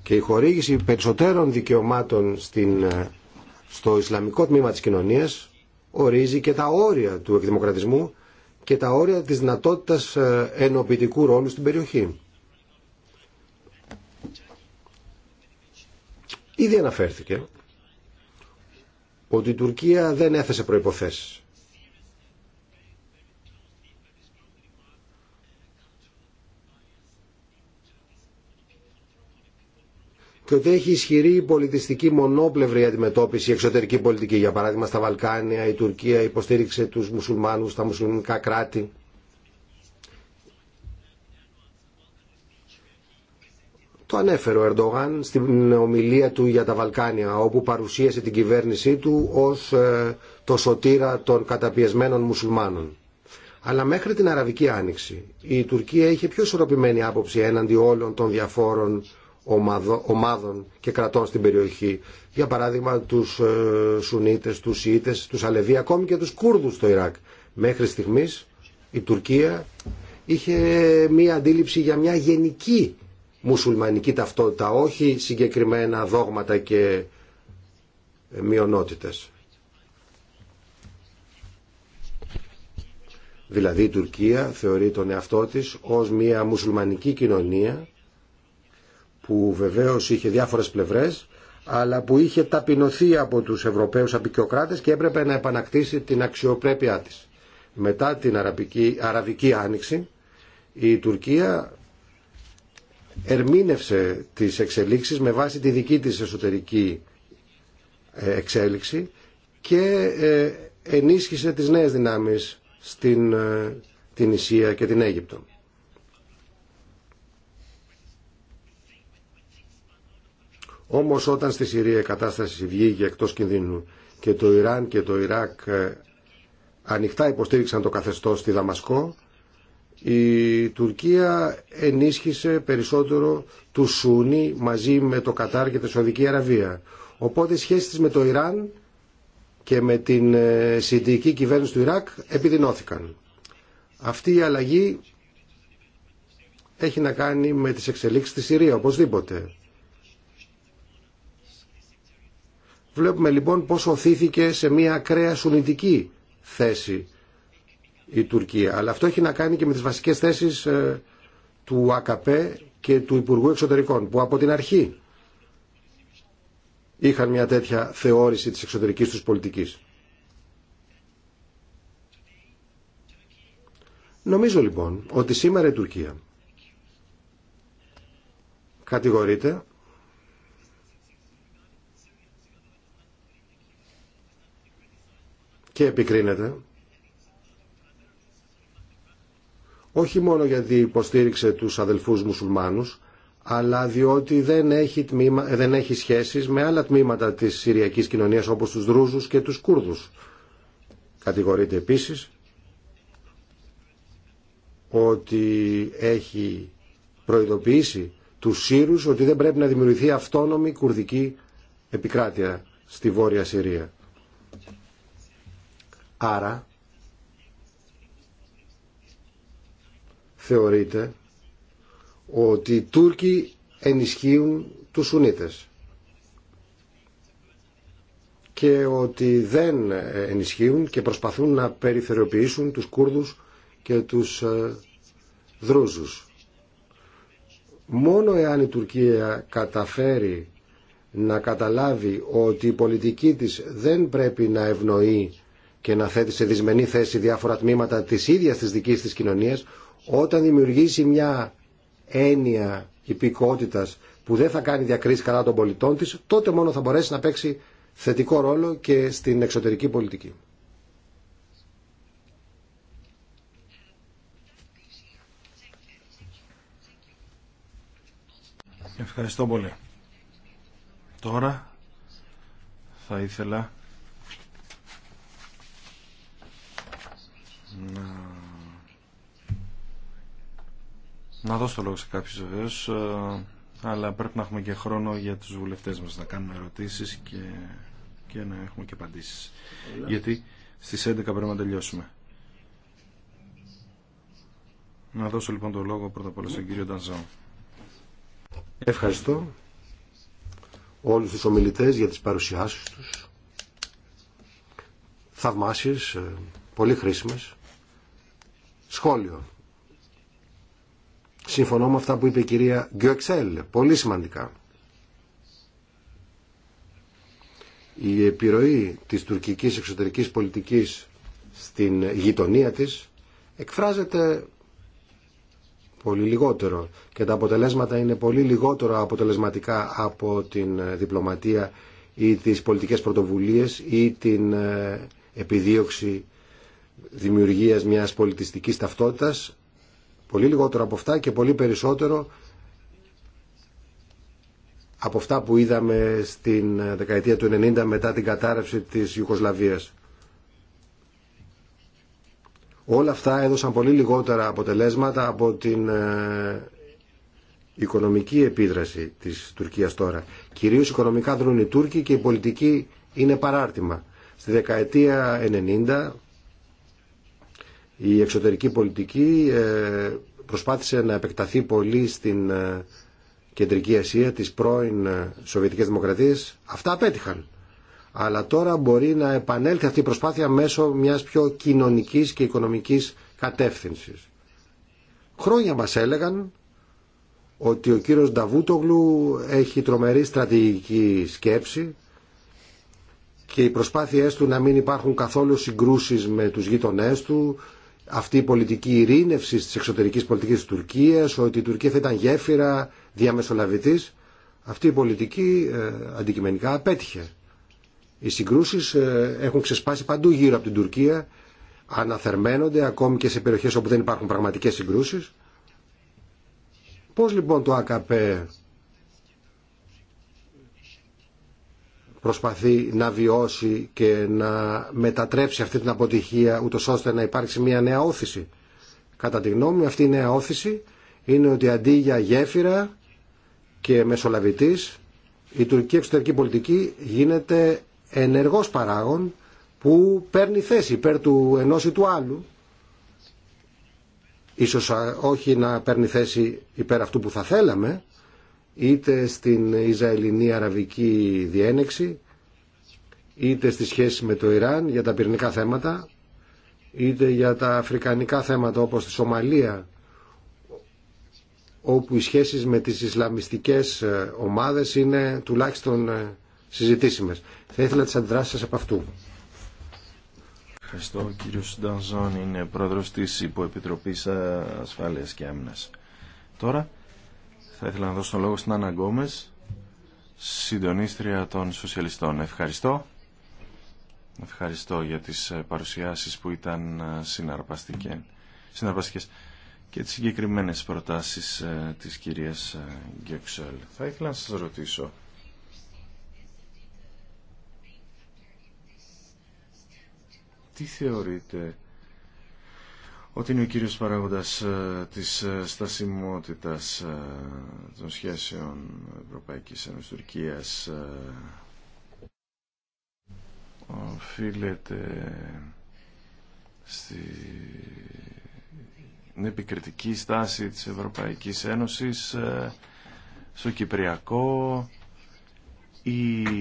και η χορήγηση περισσότερων δικαιωμάτων στην, ε, στο Ισλαμικό τμήμα της κοινωνίας ορίζει και τα όρια του εκδημοκρατισμού και τα όρια της δυνατότητας ε, ενοποιητικού ρόλου στην περιοχή. Ήδη αναφέρθηκε ότι η Τουρκία δεν έθεσε προϋποθέσεις. και ότι έχει ισχυρή πολιτιστική μονόπλευρη αντιμετώπιση, εξωτερική πολιτική. Για παράδειγμα, στα Βαλκάνια η Τουρκία υποστήριξε τους μουσουλμάνους, τα μουσουλμικά κράτη. Το ανέφερε ο Ερντογάν στην ομιλία του για τα Βαλκάνια, όπου παρουσίασε την κυβέρνησή του ως ε, το σωτήρα των καταπιεσμένων μουσουλμάνων. Αλλά μέχρι την Αραβική Άνοιξη η Τουρκία είχε πιο ισορροπημένη άποψη έναντι όλων των διαφόρων ομάδων και κρατών στην περιοχή. Για παράδειγμα τους ε, Σουνίτες, τους Ιήτες, τους Αλεβί, ακόμη και τους Κούρδους στο Ιράκ. Μέχρι στιγμής η Τουρκία είχε μία αντίληψη για μια γενική μουσουλμανική ταυτότητα, όχι συγκεκριμένα δόγματα και ε, μειονότητες. Δηλαδή η Τουρκία θεωρεί τον εαυτό της ως μια μουσουλμανική κοινωνία που βεβαίως είχε διάφορες πλευρές αλλά που είχε ταπεινωθεί από τους Ευρωπαίους απεικιοκράτες και έπρεπε να επανακτήσει την αξιοπρέπειά της. Μετά την Αραβική, Αραβική Άνοιξη η Τουρκία ερμήνευσε τις εξελίξεις με βάση τη δική της εσωτερική ε, εξέλιξη και ε, ενίσχυσε τις νέες δυνάμεις στην ε, την Ισία και την Αίγυπτο. Όμως όταν στη Συρία η κατάσταση βγήκε εκτός κινδύνου και το Ιράν και το Ιράκ ε, ανοιχτά υποστήριξαν το καθεστώς στη Δαμασκό, η Τουρκία ενίσχυσε περισσότερο του Σούνι μαζί με το Κατάρ και τη Σαουδική Αραβία. Οπότε οι σχέσεις με το Ιράν και με την ε, συντηρική κυβέρνηση του Ιράκ επιδεινώθηκαν. Αυτή η αλλαγή έχει να κάνει με τις εξελίξεις στη Συρία, οπωσδήποτε. Βλέπουμε λοιπόν πώς οθήθηκε σε μια ακραία σουνητική θέση η Τουρκία. Αλλά αυτό έχει να κάνει και με τις βασικές θέσεις ε, του ΑΚΠ και του Υπουργού Εξωτερικών που από την αρχή είχαν μια τέτοια θεώρηση της εξωτερικής τους πολιτικής. Νομίζω λοιπόν ότι σήμερα η Τουρκία κατηγορείται και επικρίνεται όχι μόνο γιατί υποστήριξε τους αδελφούς μουσουλμάνους αλλά διότι δεν έχει, ε, δεν έχει σχέσεις με άλλα τμήματα της Συριακής κοινωνίας όπως τους Δρούζους και τους Κούρδους. Κατηγορείται επίσης ότι έχει προειδοποιήσει τους Σύρους ότι δεν πρέπει να δημιουργηθεί αυτόνομη κουρδική επικράτεια στη Βόρεια Συρία. Άρα θεωρείται ότι οι Τούρκοι ενισχύουν τους Σουνίτες και ότι δεν ενισχύουν και προσπαθούν να περιθεριοποιήσουν τους Κούρδους και τους ε, Δρούζους. Μόνο εάν η Τουρκία καταφέρει να καταλάβει ότι η πολιτική της δεν πρέπει να ευνοεί και να θέτει σε δυσμενή θέση διάφορα τμήματα της ίδιας της δικής της κοινωνίας όταν δημιουργήσει μια έννοια υπηκότητας που δεν θα κάνει διακρίσεις κατά των πολιτών της τότε μόνο θα μπορέσει να παίξει θετικό ρόλο και στην εξωτερική πολιτική. Ευχαριστώ πολύ. Τώρα θα ήθελα να, να δώσω το λόγο σε κάποιους βεβαίως ε, αλλά πρέπει να έχουμε και χρόνο για τους βουλευτές μας να κάνουμε ερωτήσεις και, και να έχουμε και απαντήσεις γιατί στις 11 πρέπει να τελειώσουμε να δώσω λοιπόν το λόγο πρώτα απ' όλα στον κύριο Ντανζάου Ευχαριστώ όλους τους ομιλητές για τις παρουσιάσεις τους θαυμάσιες, ε, πολύ χρήσιμες Σχόλιο. Συμφωνώ με αυτά που είπε η κυρία Γκιοεξέλ. Πολύ σημαντικά. Η επιρροή της τουρκικής εξωτερικής πολιτικής στην γειτονία της εκφράζεται πολύ λιγότερο και τα αποτελέσματα είναι πολύ λιγότερο αποτελεσματικά από την διπλωματία ή τις πολιτικές πρωτοβουλίες ή την ε, επιδίωξη δημιουργίας μιας πολιτιστικής ταυτότητας, πολύ λιγότερο από αυτά και πολύ περισσότερο από αυτά που είδαμε στην δεκαετία του 90 μετά την κατάρρευση της Ιουκοσλαβίας. Όλα αυτά έδωσαν πολύ λιγότερα αποτελέσματα από την ε, οικονομική επίδραση της Τουρκίας τώρα. Κυρίως οικονομικά δρούν οι Τούρκοι και η πολιτική είναι παράρτημα. Στη δεκαετία η εξωτερική πολιτική ε, προσπάθησε να επεκταθεί πολύ στην ε, Κεντρική Ασία, τις πρώην ε, Σοβιετικές Δημοκρατίες. Αυτά απέτυχαν. Αλλά τώρα μπορεί να επανέλθει αυτή η προσπάθεια μέσω μιας πιο κοινωνικής και οικονομικής κατεύθυνσης. Χρόνια μας έλεγαν ότι ο κύριος Νταβούτογλου έχει τρομερή στρατηγική σκέψη και οι προσπάθειές του να μην υπάρχουν καθόλου συγκρούσεις με τους γείτονές του, αυτή η πολιτική ειρήνευση τη εξωτερική πολιτική τη Τουρκία, ότι η Τουρκία θα ήταν γέφυρα διαμεσολαβητή, αυτή η πολιτική ε, αντικειμενικά απέτυχε. Οι συγκρούσει ε, έχουν ξεσπάσει παντού γύρω από την Τουρκία, αναθερμαίνονται ακόμη και σε περιοχέ όπου δεν υπάρχουν πραγματικέ συγκρούσει. Πώ λοιπόν το ΑΚΠ προσπαθεί να βιώσει και να μετατρέψει αυτή την αποτυχία ούτως ώστε να υπάρξει μια νέα όθηση. Κατά τη γνώμη αυτή η νέα όθηση είναι ότι αντί για γέφυρα και μεσολαβητής η τουρκική εξωτερική πολιτική γίνεται ενεργός παράγων που παίρνει θέση υπέρ του ενός ή του άλλου ίσως όχι να παίρνει θέση υπέρ αυτού που θα θέλαμε είτε στην Ισραηλινή Αραβική διένεξη, είτε στη σχέση με το Ιράν για τα πυρηνικά θέματα, είτε για τα αφρικανικά θέματα όπως τη Σομαλία, όπου οι σχέσεις με τις Ισλαμιστικές ε, ομάδες είναι τουλάχιστον ε, συζητήσιμες. Θα ήθελα τις αντιδράσεις σας από αυτού. Ευχαριστώ. Ο κύριος Ντανζόν είναι πρόεδρος της Υποεπιτροπής Ασφάλειας και Άμυνας. Τώρα θα ήθελα να δώσω τον λόγο στην Άννα Γκόμες, συντονίστρια των Σοσιαλιστών. Ευχαριστώ. Ευχαριστώ για τις ε, παρουσιάσεις που ήταν ε, συναρπαστικές και τις συγκεκριμένες προτάσεις ε, της κυρίας Γκέξελ. Θα ήθελα να σας ρωτήσω. Τι θεωρείτε ότι είναι ο κύριος παράγοντας ε, της ε, στασιμότητας ε, των σχέσεων Ευρωπαϊκής Ένωσης Τουρκίας οφείλεται στην επικριτική στάση της Ευρωπαϊκής Ένωσης στο Κυπριακό ή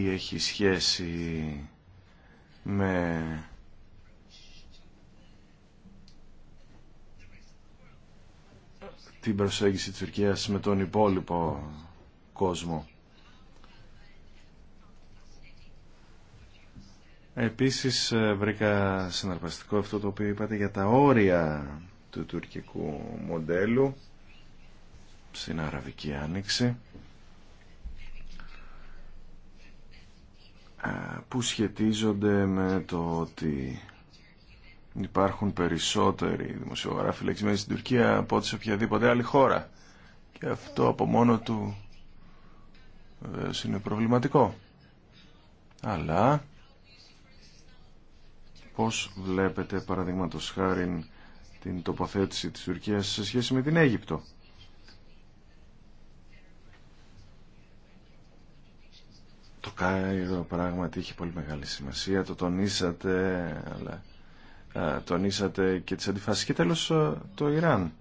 έχει σχέση με την προσέγγιση της Τουρκίας με τον υπόλοιπο κόσμο. Επίσης ε, βρήκα συναρπαστικό αυτό το οποίο είπατε για τα όρια του τουρκικού μοντέλου στην Αραβική Άνοιξη ε, που σχετίζονται με το ότι υπάρχουν περισσότεροι δημοσιογράφοι λεξιμένοι στην Τουρκία από ό,τι σε οποιαδήποτε άλλη χώρα. Και αυτό από μόνο του βεβαίως είναι προβληματικό. Αλλά πώς βλέπετε παραδείγματο χάρη την τοποθέτηση της Τουρκίας σε σχέση με την Αίγυπτο. Το Κάιρο πράγματι είχε πολύ μεγάλη σημασία, το τονίσατε, αλλά ε, τονίσατε και τις αντιφάσεις. Και τέλος ε, το Ιράν.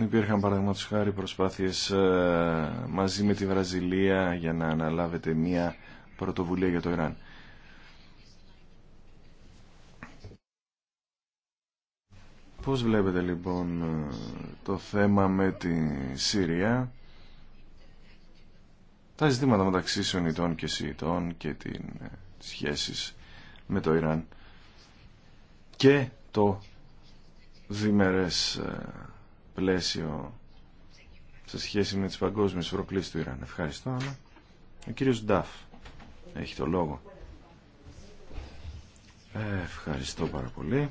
Υπήρχαν παραδείγματο χάρη προσπάθειες ε, μαζί με τη Βραζιλία για να αναλάβετε μία πρωτοβουλία για το Ιράν. Πώς βλέπετε λοιπόν το θέμα με τη Σύρια τα ζητήματα μεταξύ Σουνιτών και Σιητών και την ε, σχέσεις με το Ιράν και το διμερές ε, πλαίσιο σε σχέση με τις παγκόσμιες προκλήσεις του Ιράν. Ευχαριστώ, ο κύριος Νταφ έχει το λόγο. Ευχαριστώ πάρα πολύ.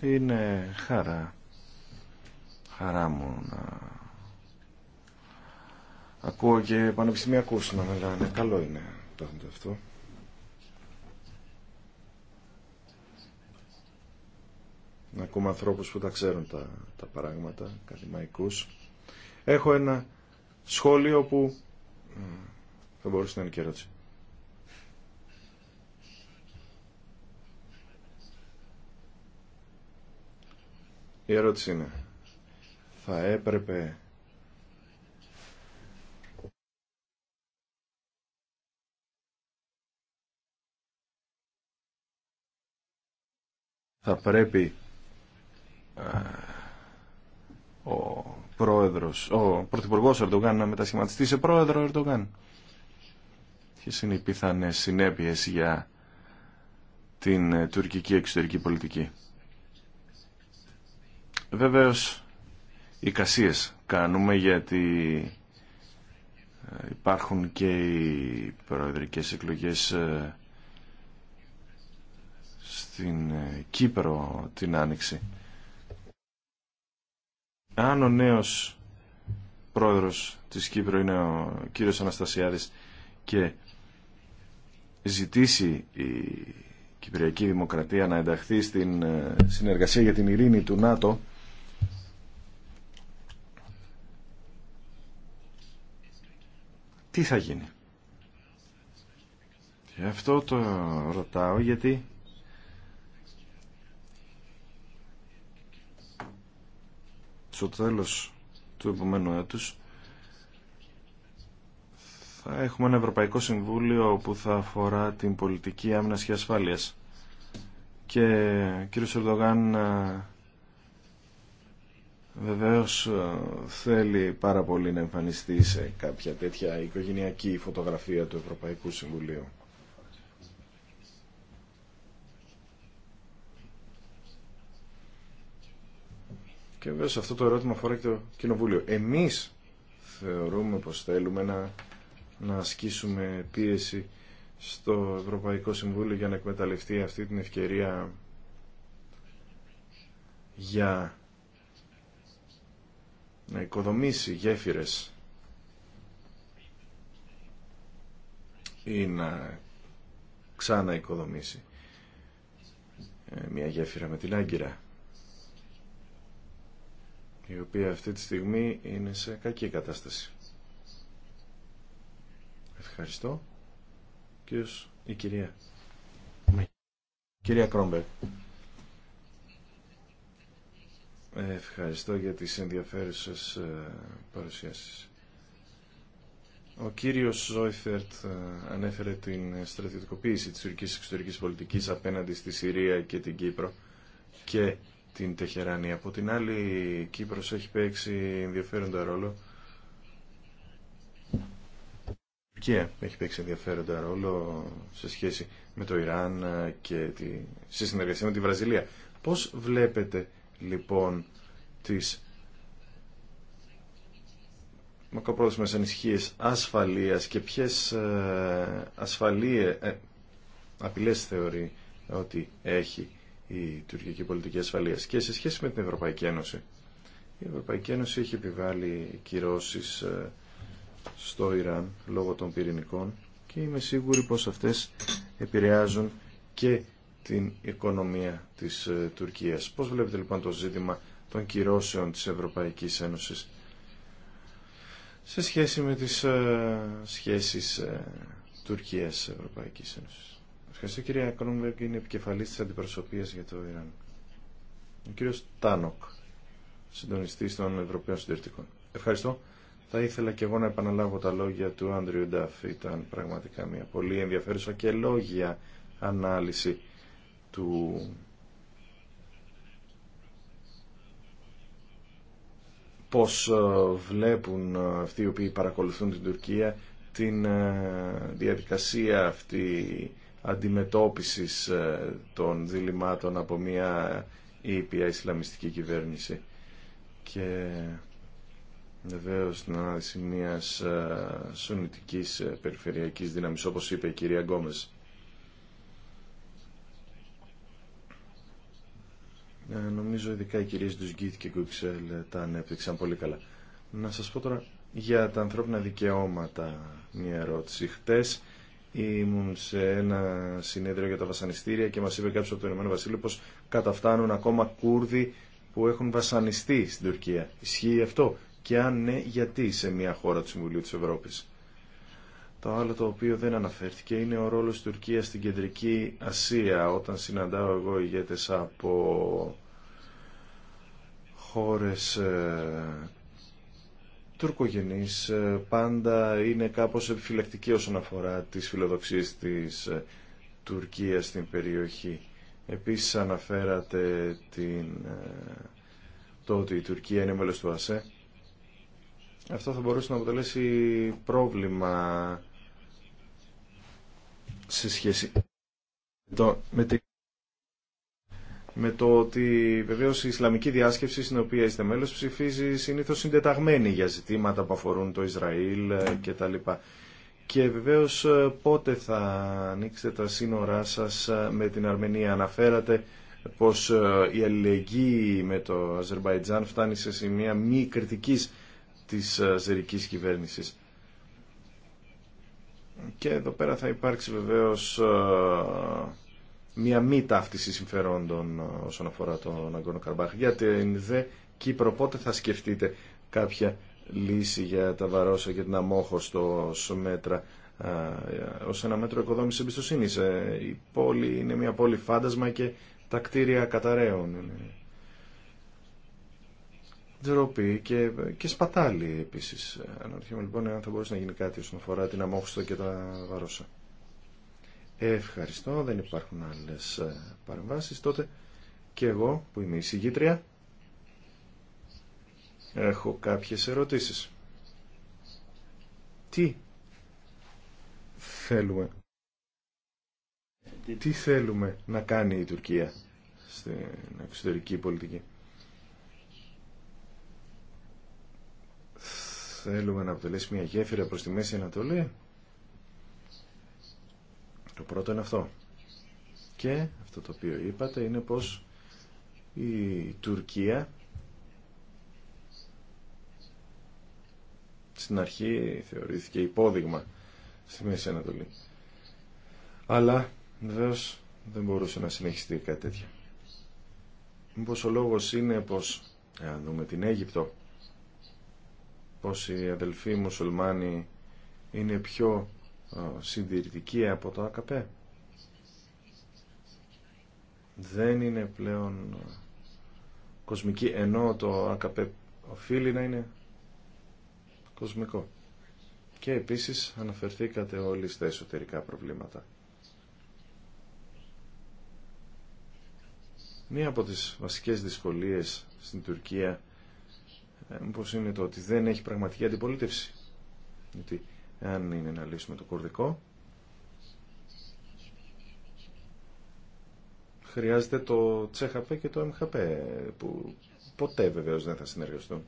Είναι χαρά, χαρά μου να Ακούω και πανεπιστημιακού αλλά μιλάνε. καλό είναι το το αυτό. Να ακούμε ανθρώπους που τα ξέρουν τα, τα παράγματα, ακαδημαϊκούς. Έχω ένα σχόλιο που θα μπορούσε να είναι και ερώτηση. Η ερώτηση είναι, θα έπρεπε θα πρέπει ε, ο πρόεδρος, ο πρωθυπουργός Ερντογάν να μετασχηματιστεί σε πρόεδρο Ερντογάν. Ποιες είναι οι πιθανές συνέπειες για την ε, τουρκική εξωτερική πολιτική. Βέβαιως, κασίες κάνουμε γιατί ε, υπάρχουν και οι προεδρικές εκλογές στην ε, Κύπρο την Άνοιξη. Αν ο νέος πρόεδρος της Κύπρου είναι ο κύριος Αναστασιάδης και ζητήσει η Κυπριακή Δημοκρατία να ενταχθεί στην ε, συνεργασία για την ειρήνη του ΝΑΤΟ τι θα γίνει. Και αυτό το ρωτάω γιατί στο τέλος του επόμενου έτους θα έχουμε ένα Ευρωπαϊκό Συμβούλιο που θα αφορά την πολιτική άμυνας και ασφάλειας. Και κύριος Ερδογάν ε, βεβαίως ε, θέλει πάρα πολύ να εμφανιστεί σε κάποια τέτοια οικογενειακή φωτογραφία του Ευρωπαϊκού Συμβουλίου. Και βέβαια σε αυτό το ερώτημα αφορά και το Κοινοβούλιο. Εμείς θεωρούμε πως θέλουμε να, να ασκήσουμε πίεση στο Ευρωπαϊκό Συμβούλιο για να εκμεταλλευτεί αυτή την ευκαιρία για να οικοδομήσει γέφυρες ή να ξαναοικοδομήσει ε, μια γέφυρα με την Άγκυρα η οποία αυτή τη στιγμή είναι σε κακή κατάσταση. Ευχαριστώ. Κύριος, η κυρία. Κυρία Κρόμπερ. Ευχαριστώ για τις ενδιαφέρουσες ε, παρουσιάσεις. Ο κύριος Ζόιφερτ ε, ανέφερε την στρατιωτικοποίηση της τουρκικής εξωτερικής πολιτικής απέναντι στη Συρία και την Κύπρο και την Τεχεράνη. Από την άλλη, η Κύπρος έχει παίξει ενδιαφέροντα ρόλο. Και έχει παίξει ενδιαφέροντα ρόλο σε σχέση με το Ιράν και τη... σε συνεργασία με τη Βραζιλία. Πώς βλέπετε λοιπόν τις μακροπρόθεσμες ανησυχίες ασφαλείας και ποιες ε, ασφαλείες, ε, απειλές θεωρεί ότι έχει η τουρκική πολιτική ασφαλείας. Και σε σχέση με την Ευρωπαϊκή Ένωση, η Ευρωπαϊκή Ένωση έχει επιβάλει κυρώσεις ε, στο Ιράν λόγω των πυρηνικών και είμαι σίγουροι πως αυτές επηρεάζουν και την οικονομία της ε, Τουρκίας. Πώς βλέπετε λοιπόν το ζήτημα των κυρώσεων της Ευρωπαϊκής Ένωσης σε σχέση με τις ε, σχέσεις Τουρκίας-Ευρωπαϊκής Ένωσης. Ευχαριστώ κυρία Κρόνμπεργκ, είναι επικεφαλής της αντιπροσωπείας για το Ιράν. Ο κύριος Τάνοκ, συντονιστής των Ευρωπαίων Συντηρητικών. Ευχαριστώ. Θα ήθελα και εγώ να επαναλάβω τα λόγια του Άντριου Νταφ. Ήταν πραγματικά μια πολύ ενδιαφέρουσα και λόγια ανάλυση του πώς ε, βλέπουν ε, αυτοί οι οποίοι παρακολουθούν την Τουρκία την ε, διαδικασία αυτή αντιμετώπισης ε, των διλημάτων από μια ήπια Ισλαμιστική κυβέρνηση. Και βεβαίω την ανάδυση μίας ε, σουνητική ε, περιφερειακής δύναμης όπως είπε η κυρία Γκόμε. Νομίζω ειδικά οι κυρίες του και Γκουξέλ τα ανέπτυξαν πολύ καλά. Να σας πω τώρα για τα ανθρώπινα δικαιώματα μια ερώτηση. Χτες Ήμουν σε ένα συνέδριο για τα βασανιστήρια και μας είπε κάποιος από το Ηνωμένο Βασίλειο πως καταφτάνουν ακόμα Κούρδοι που έχουν βασανιστεί στην Τουρκία. Ισχύει αυτό και αν ναι γιατί σε μια χώρα του Συμβουλίου της Ευρώπης. Το άλλο το οποίο δεν αναφέρθηκε είναι ο ρόλος Τουρκίας στην Κεντρική Ασία. Όταν συναντάω εγώ ηγέτες από χώρες ε, τουρκογενείς ε, πάντα είναι κάπως επιφυλακτικοί όσον αφορά τις φιλοδοξίες της ε, Τουρκίας στην περιοχή. Επίσης αναφέρατε ε, το ότι η Τουρκία είναι μέλος του ΑΣΕ. Αυτό θα μπορούσε να αποτελέσει πρόβλημα σε σχέση με την με το ότι βεβαίω η Ισλαμική διάσκεψη στην οποία είστε μέλο ψηφίζει συνήθω συντεταγμένη για ζητήματα που αφορούν το Ισραήλ ε, κτλ. Και βεβαίως ε, πότε θα ανοίξετε τα σύνορά σας ε, με την Αρμενία. Αναφέρατε πως η αλληλεγγύη με το Αζερβαϊτζάν φτάνει σε σημεία μη κριτική της αζερικής κυβέρνησης. Και εδώ πέρα θα υπάρξει βεβαίως μια μη ταύτιση συμφερόντων ε, όσον αφορά τον Αγκόνο Καρμπάχ. γιατί την δε Κύπρο πότε θα σκεφτείτε κάποια λύση για τα Βαρόσα και την Αμόχωστο ως, μέτρα, ε, ε, ως ένα μέτρο οικοδόμηση εμπιστοσύνη. Η πόλη είναι μια πόλη φάντασμα και τα κτίρια καταραίων. Ντροπή και, και σπατάλη επίσης. Αναρωτιέμαι λοιπόν αν θα μπορούσε να γίνει κάτι όσον αφορά την Αμόχωστο και τα Βαρόσα. Ευχαριστώ. Δεν υπάρχουν άλλες ε, παρεμβάσεις. Τότε και εγώ που είμαι η συγγήτρια έχω κάποιες ερωτήσεις. Τι θέλουμε τι θέλουμε να κάνει η Τουρκία στην εξωτερική πολιτική. Θέλουμε να αποτελέσει μια γέφυρα προς τη Μέση Ανατολή το πρώτο είναι αυτό. Και αυτό το οποίο είπατε είναι πως η Τουρκία στην αρχή θεωρήθηκε υπόδειγμα στη Μέση Ανατολή. Αλλά βεβαίω δεν μπορούσε να συνεχιστεί κάτι τέτοιο. Μήπως ο λόγος είναι πως, αν δούμε την Αίγυπτο, πως οι αδελφοί μουσουλμάνοι είναι πιο συντηρητική από το ΑΚΠ. Δεν είναι πλέον κοσμική, ενώ το ΑΚΠ οφείλει να είναι κοσμικό. Και επίσης αναφερθήκατε όλοι στα εσωτερικά προβλήματα. Μία από τις βασικές δυσκολίες στην Τουρκία όπως ε, είναι το ότι δεν έχει πραγματική αντιπολίτευση. Γιατί αν είναι να λύσουμε το κουρδικό. Χρειάζεται το CHP και το MHP που ποτέ βεβαίως δεν θα συνεργαστούν.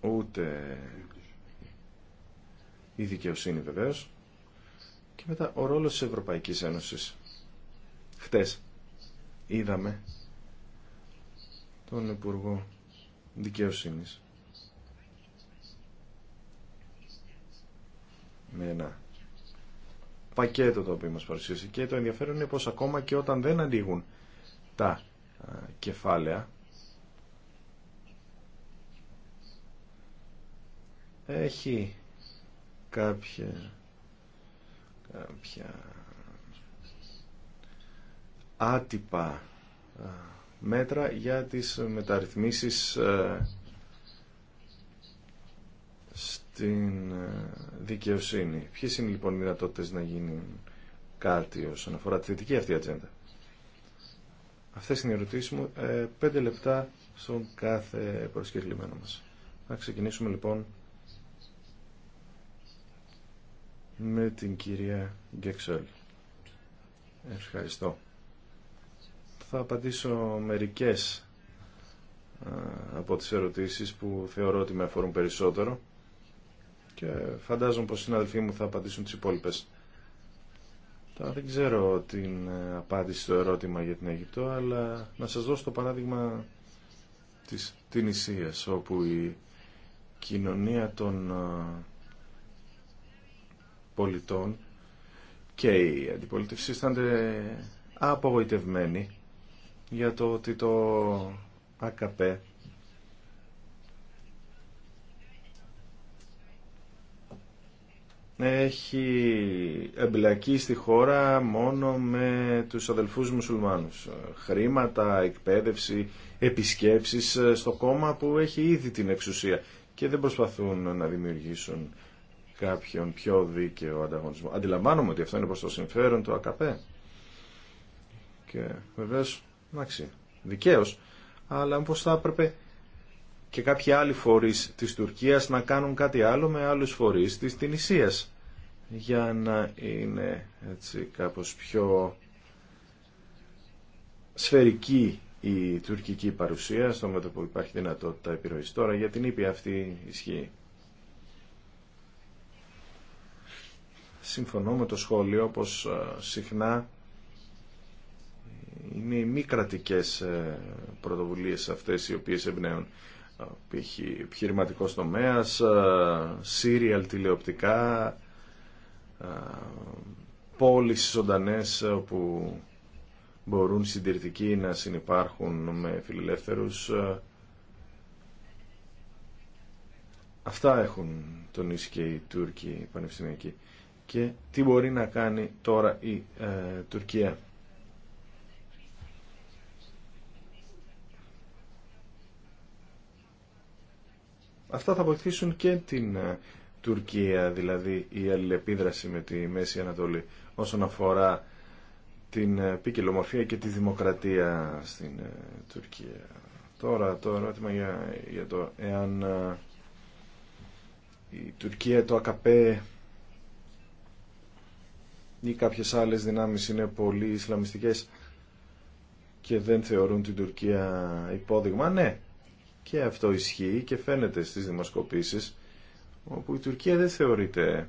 Ούτε η δικαιοσύνη βεβαίως. Και μετά ο ρόλος της Ευρωπαϊκής Ένωσης. Χτες είδαμε τον Υπουργό Δικαιοσύνης με ένα πακέτο το οποίο μας παρουσίασε και το ενδιαφέρον είναι πως ακόμα και όταν δεν ανοίγουν τα κεφάλαια έχει κάποια κάποια άτυπα μέτρα για τις μεταρρυθμίσεις την ε, δικαιοσύνη. Ποιε είναι λοιπόν οι δυνατότητε να γίνει κάτι όσον αφορά τη θετική αυτή ατζέντα. Αυτές είναι οι ερωτήσεις μου. Ε, πέντε λεπτά στον κάθε προσκεκλημένο μας. Να ξεκινήσουμε λοιπόν με την κυρία Γκεξέλ. Ευχαριστώ. Θα απαντήσω μερικές ε, από τις ερωτήσεις που θεωρώ ότι με αφορούν περισσότερο και φαντάζομαι πως οι συναδελφοί μου θα απαντήσουν τις υπόλοιπες. δεν ξέρω την ε, απάντηση στο ερώτημα για την Αίγυπτο, αλλά να σας δώσω το παράδειγμα της Τινησίας, όπου η κοινωνία των ε, πολιτών και η αντιπολίτευση ήταν απογοητευμένοι για το ότι το ΑΚΠ έχει εμπλακεί στη χώρα μόνο με τους αδελφούς μουσουλμάνους. Χρήματα, εκπαίδευση, επισκέψεις ε, στο κόμμα που έχει ήδη την εξουσία και δεν προσπαθούν να δημιουργήσουν κάποιον πιο δίκαιο ανταγωνισμό. Αντιλαμβάνομαι ότι αυτό είναι προς το συμφέρον του ΑΚΠ. και βεβαίως, εντάξει, δικαίως, αλλά όπως θα έπρεπε και κάποιοι άλλοι φορείς της Τουρκίας να κάνουν κάτι άλλο με άλλους φορείς της Τινησίας για να είναι έτσι κάπως πιο σφαιρική η τουρκική παρουσία στο μέτωπο που υπάρχει δυνατότητα επιρροής. Τώρα για την ήπια αυτή ισχύει. Συμφωνώ με το σχόλιο πως συχνά είναι οι μη κρατικέ ε, πρωτοβουλίες αυτές οι οποίες εμπνέουν έχει επιχειρηματικός τομέας, ε, σύριαλ τηλεοπτικά, ε, πόλεις ζωντανέ όπου μπορούν συντηρητικοί να συνεπάρχουν με φιλελεύθερους. Ε. Αυτά έχουν τονίσει και οι Τούρκοι πανεπιστημιακοί. Και τι μπορεί να κάνει τώρα η Τουρκία Αυτά θα βοηθήσουν και την ε, Τουρκία, δηλαδή η αλληλεπίδραση με τη Μέση Ανατολή όσον αφορά την ε, ποικιλομορφία και τη δημοκρατία στην ε, Τουρκία. Τώρα το ερώτημα για, για το εάν η Τουρκία, το ΑΚΠ ή κάποιες άλλες δυνάμεις είναι πολύ Ισλαμιστικές και δεν θεωρούν την Τουρκία υπόδειγμα. Ναι, και αυτό ισχύει και φαίνεται στις δημοσκοπήσεις όπου η Τουρκία δεν θεωρείται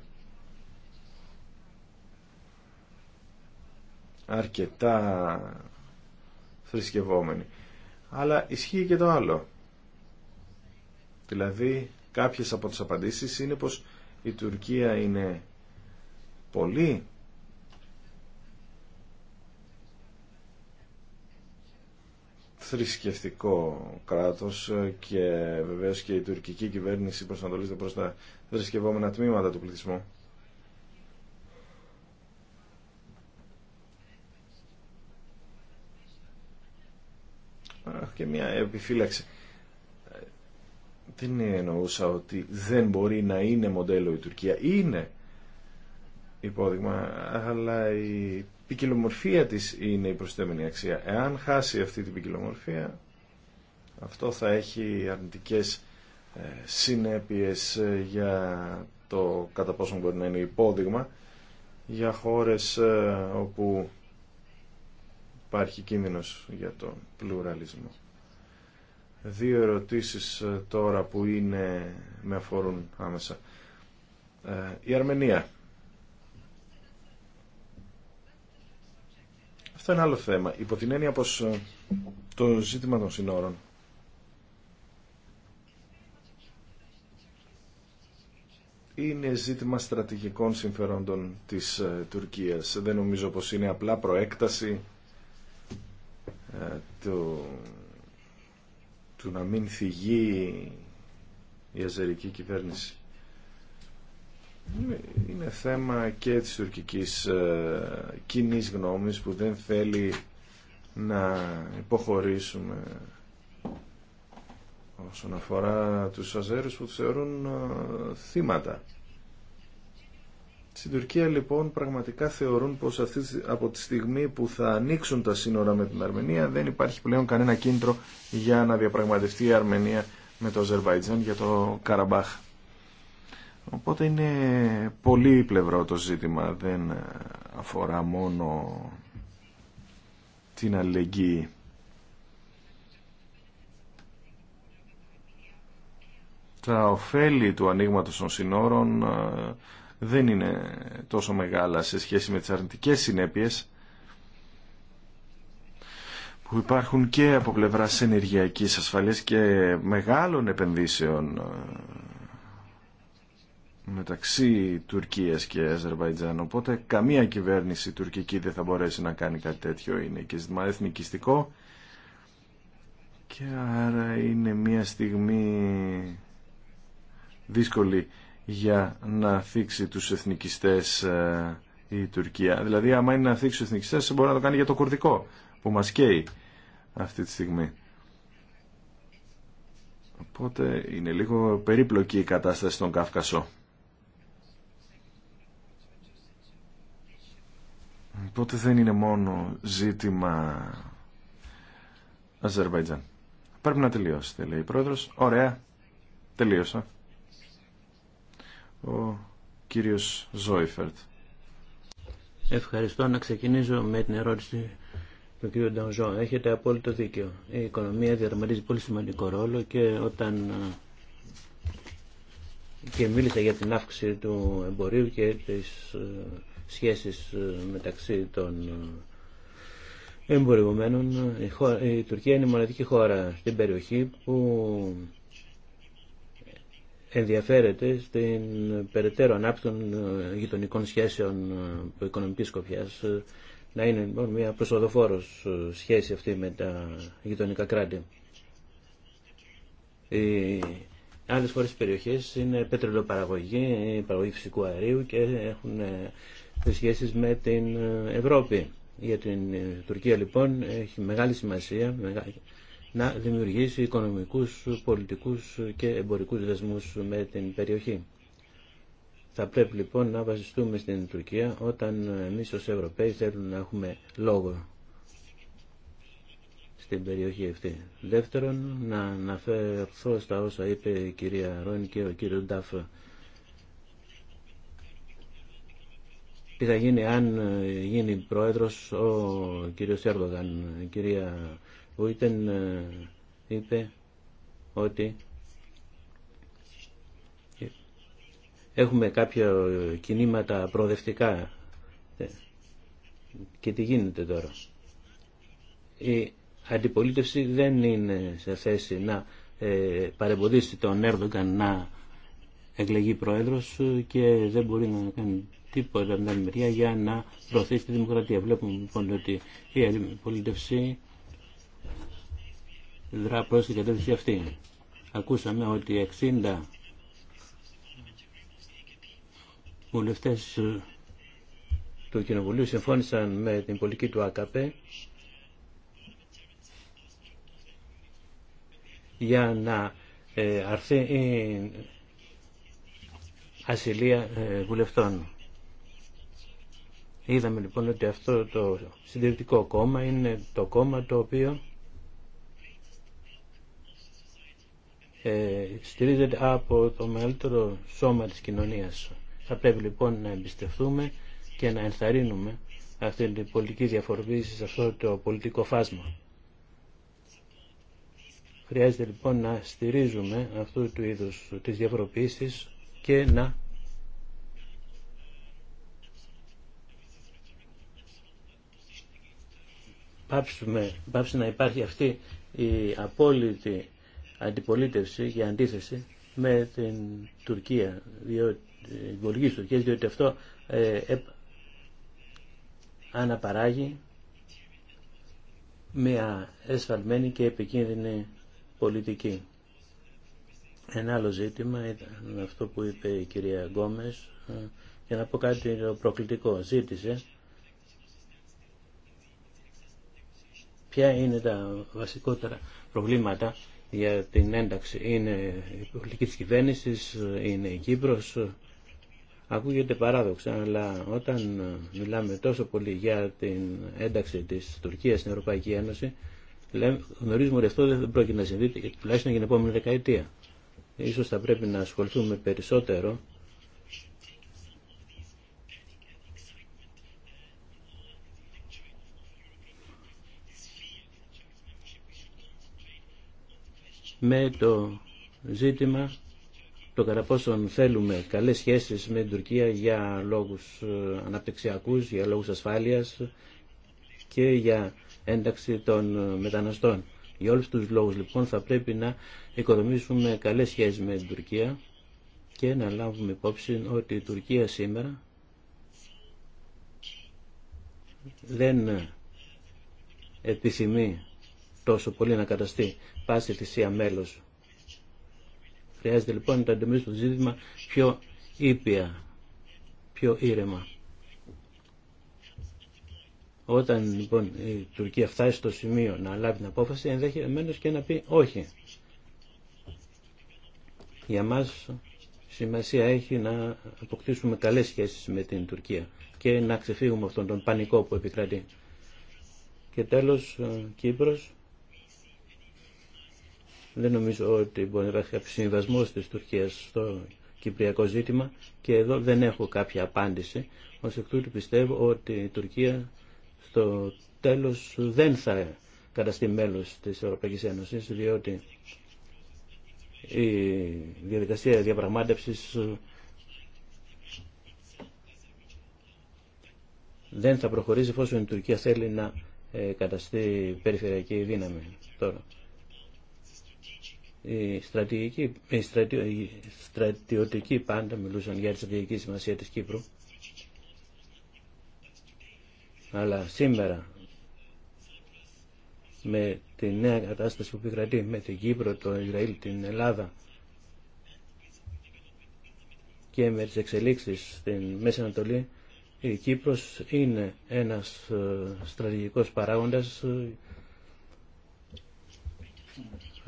αρκετά θρησκευόμενη. Αλλά ισχύει και το άλλο. Δηλαδή κάποιες από τις απαντήσεις είναι πως η Τουρκία είναι πολύ θρησκευτικό κράτος ε, και βεβαίως και η τουρκική κυβέρνηση προσανατολίζεται προς τα θρησκευόμενα τμήματα του πληθυσμού. και μια επιφύλαξη. Δεν εννοούσα ότι δεν μπορεί να είναι μοντέλο η Τουρκία. Είναι υπόδειγμα, αλλά η ποικιλομορφία της είναι η προσθέμενη αξία. Εάν χάσει αυτή την ποικιλομορφία, αυτό θα έχει αρνητικές ε, συνέπειες ε, για το κατά πόσο μπορεί να είναι υπόδειγμα για χώρες ε, όπου υπάρχει κίνδυνος για τον πλουραλισμό. Δύο ερωτήσεις τώρα που είναι, με αφορούν άμεσα. Η Αρμενία. Αυτό είναι άλλο θέμα. Υπό την έννοια πως ε, το ζήτημα των συνόρων είναι ζήτημα στρατηγικών συμφερόντων της ε, Τουρκίας. Δεν νομίζω πως είναι απλά προέκταση ε, του, του να μην θυγεί η αζερική κυβέρνηση. Είναι θέμα και της τουρκικής ε, κοινή γνώμης που δεν θέλει να υποχωρήσουμε όσον αφορά τους Αζέρους που θεωρούν θεωρούν θύματα. Στην Τουρκία λοιπόν πραγματικά θεωρούν πως αυτή, από τη στιγμή που θα ανοίξουν τα σύνορα με την Αρμενία δεν υπάρχει πλέον κανένα κίνητρο για να διαπραγματευτεί η Αρμενία με το Αζερβαϊτζάν για το Καραμπάχ. Οπότε είναι πολύ πλευρό το ζήτημα, δεν αφορά μόνο την αλληλεγγύη. Τα ωφέλη του ανοίγματο των συνόρων ε, δεν είναι τόσο μεγάλα σε σχέση με τις αρνητικές συνέπειες που υπάρχουν και από πλευράς ενεργειακής ασφαλείας και μεγάλων επενδύσεων ε, μεταξύ Τουρκίας και Αζερβαϊτζάν. Οπότε καμία κυβέρνηση τουρκική δεν θα μπορέσει να κάνει κάτι τέτοιο. Είναι και ζήτημα εθνικιστικό και άρα είναι μια στιγμή δύσκολη για να θίξει τους εθνικιστές ε, η Τουρκία. Δηλαδή άμα είναι να θίξει τους εθνικιστές μπορεί να το κάνει για το κουρδικό που μας καίει αυτή τη στιγμή. Οπότε είναι λίγο περίπλοκη η κατάσταση στον Καύκασο. Οπότε δεν είναι μόνο ζήτημα Αζερβαϊτζάν. Πρέπει να τελειώσετε, λέει η πρόεδρος. Ωραία, τελείωσα. Ο κύριος Ζόιφερτ. Ευχαριστώ. Να ξεκινήσω με την ερώτηση του κύριου Νταουζό. Έχετε απόλυτο δίκιο. Η οικονομία διαρματίζει πολύ σημαντικό ρόλο και όταν ε, και μίλησα για την αύξηση του εμπορίου και της ε, σχέσεις ε, μεταξύ των ε, εμπορευμένων. Η, η Τουρκία είναι η μοναδική χώρα στην περιοχή που ενδιαφέρεται στην περαιτέρω ανάπτυξη των ε, γειτονικών σχέσεων από οικονομική σκοπιάς να είναι λοιπόν μια προσοδοφόρος σχέση αυτή με τα γειτονικά κράτη. Οι άλλες χώρες περιοχές είναι πετρελοπαραγωγή, παραγωγή φυσικού αερίου και έχουν σε σχέση με την ε, Ευρώπη. Για την ε, Τουρκία λοιπόν έχει μεγάλη σημασία να δημιουργήσει οικονομικούς, πολιτικούς και εμπορικούς δεσμούς με την περιοχή. Θα πρέπει λοιπόν να βασιστούμε στην Τουρκία όταν εμείς ως Ευρωπαίοι θέλουμε να έχουμε λόγο στην περιοχή αυτή. Δεύτερον, να αναφερθώ στα όσα είπε η κυρία Ρόν και ο κύριος Νταφ. τι θα γίνει αν ε, γίνει πρόεδρος ο κύριος Έρδογαν. Η κυρία Βούιτεν ε, είπε ότι έχουμε κάποια κινήματα προοδευτικά και τι γίνεται τώρα. Η αντιπολίτευση δεν είναι σε θέση να ε, παρεμποδίσει τον Έρδογαν να εκλεγεί πρόεδρος και δεν μπορεί να κάνει τίποτα από την άλλη μεριά για να προωθήσει τη δημοκρατία. Βλέπουμε λοιπόν ότι η πολιτευσή δρά προ την κατεύθυνση αυτή. Ακούσαμε ότι 60 βουλευτέ του Κοινοβουλίου συμφώνησαν με την πολιτική του ΑΚΠ για να ε, αρθεί η ασυλία ε, βουλευτών. Είδαμε λοιπόν ότι αυτό το συντηρητικό κόμμα είναι το κόμμα το οποίο ε, στηρίζεται από το μεγαλύτερο σώμα της κοινωνίας. Θα πρέπει λοιπόν να εμπιστευτούμε και να ενθαρρύνουμε αυτή την πολιτική διαφοροποίηση σε αυτό το πολιτικό φάσμα. Χρειάζεται λοιπόν να στηρίζουμε αυτού του είδους τις διαφοροποίησεις και να πάψουμε, πάψει να υπάρχει αυτή η απόλυτη αντιπολίτευση και αντίθεση με την Τουρκία, διότι, την πολιτική Τουρκία, διότι αυτό ε, αναπαράγει μια εσφαλμένη και επικίνδυνη πολιτική. Ένα άλλο ζήτημα ήταν αυτό που είπε η κυρία Γκόμες, ε, για να πω κάτι προκλητικό. Ζήτησε Ποια είναι τα βασικότερα προβλήματα για την ένταξη. Είναι η πολιτική της κυβέρνησης, είναι η Κύπρος. Ακούγεται παράδοξα, αλλά όταν μιλάμε τόσο πολύ για την ένταξη της Τουρκίας στην Ευρωπαϊκή Ένωση, γνωρίζουμε ότι αυτό δεν πρόκειται να συμβεί τουλάχιστον για την επόμενη δεκαετία. Ίσως θα πρέπει να ασχοληθούμε περισσότερο με το ζήτημα το κατά πόσον θέλουμε καλές σχέσεις με την Τουρκία για λόγους ε, αναπτυξιακούς, για λόγους ασφάλειας και για ένταξη των ε, μεταναστών. Για όλους τους λόγους λοιπόν θα πρέπει να οικοδομήσουμε καλές σχέσεις με την Τουρκία και να λάβουμε υπόψη ότι η Τουρκία σήμερα δεν ε, επιθυμεί τόσο πολύ να καταστεί πάση θυσία μέλος. Χρειάζεται λοιπόν να αντιμετωπίσουμε το ζήτημα πιο ήπια, πιο ήρεμα. Όταν λοιπόν η Τουρκία φτάσει στο σημείο να λάβει την απόφαση, ενδεχομένω και να πει όχι. Για μας σημασία έχει να αποκτήσουμε καλές σχέσεις με την Τουρκία και να ξεφύγουμε αυτόν τον πανικό που επικρατεί. Και τέλος ε, Κύπρος δεν νομίζω ότι μπορεί να υπάρχει κάποιο συμβασμό τη Τουρκία στο κυπριακό ζήτημα και εδώ δεν έχω κάποια απάντηση. Ω εκ τούτου πιστεύω ότι η Τουρκία στο τέλο δεν θα καταστεί μέλο τη Ευρωπαϊκή Ένωση, διότι η διαδικασία διαπραγμάτευση δεν θα προχωρήσει εφόσον η Τουρκία θέλει να ε, καταστεί περιφερειακή δύναμη τώρα η στρατηγική, η στρατιωτική πάντα μιλούσαν για τη στρατηγική σημασία της Κύπρου. Αλλά σήμερα με τη νέα κατάσταση που επικρατεί με την Κύπρο, το Ισραήλ, την Ελλάδα και με τις εξελίξεις στην Μέση Ανατολή η Κύπρος είναι ένας ε, στρατηγικός παράγοντας ε,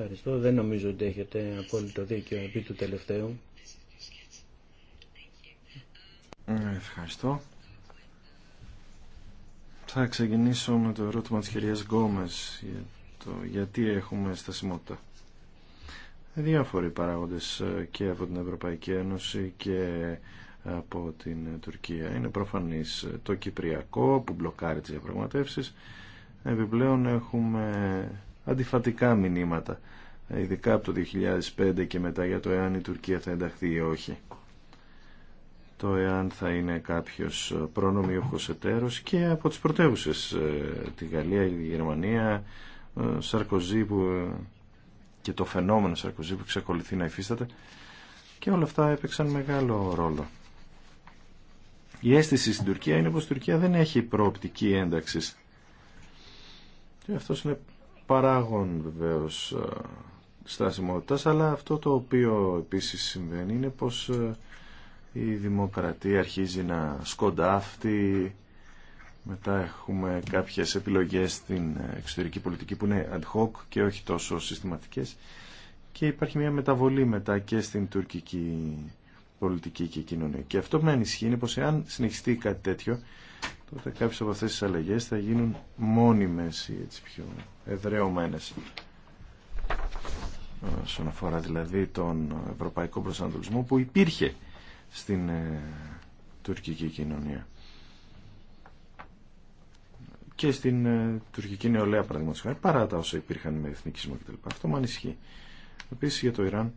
Ευχαριστώ. Δεν νομίζω ότι έχετε απόλυτο δίκιο επί του τελευταίου. Ναι, ευχαριστώ. Θα ξεκινήσω με το ερώτημα της κυρίας Γκόμες για το γιατί έχουμε στασιμότητα. Διάφοροι παράγοντες ε, και από την Ευρωπαϊκή Ένωση και από την Τουρκία. Είναι προφανής ε, το Κυπριακό που μπλοκάρει τις διαπραγματεύσεις. Επιπλέον έχουμε αντιφατικά μηνύματα, ειδικά από το 2005 και μετά για το εάν η Τουρκία θα ενταχθεί ή όχι. Το εάν θα είναι κάποιος προνομιούχος εταίρος και από τις πρωτεύουσες, ε, τη Γαλλία, η Γερμανία, ε, Σαρκοζή που, ε, και το φαινόμενο Σαρκοζή που εξακολουθεί να υφίσταται και όλα αυτά έπαιξαν μεγάλο ρόλο. Η αίσθηση στην Τουρκία είναι πως η Τουρκία δεν έχει προοπτική ένταξης. Και αυτός είναι παράγων βεβαίως ε, στασιμότητας, αλλά αυτό το οποίο επίσης συμβαίνει είναι πως ε, η δημοκρατία αρχίζει να σκοντάφτει, μετά έχουμε κάποιες επιλογές στην εξωτερική πολιτική που είναι ad hoc και όχι τόσο συστηματικές και υπάρχει μια μεταβολή μετά και στην τουρκική πολιτική και κοινωνία. Και αυτό που με ανησυχεί είναι πως εάν συνεχιστεί κάτι τέτοιο τότε κάποιες από αυτές τις αλλαγές θα γίνουν μόνιμες ή έτσι πιο εδρεωμένες Σε αφορά δηλαδή τον ευρωπαϊκό προσανατολισμό που υπήρχε στην ε, τουρκική κοινωνία και στην ε, τουρκική νεολαία παραδείγματος παρά τα όσα υπήρχαν με εθνικισμό κτλ. Αυτό μου ανισχύει. Επίσης για το Ιράν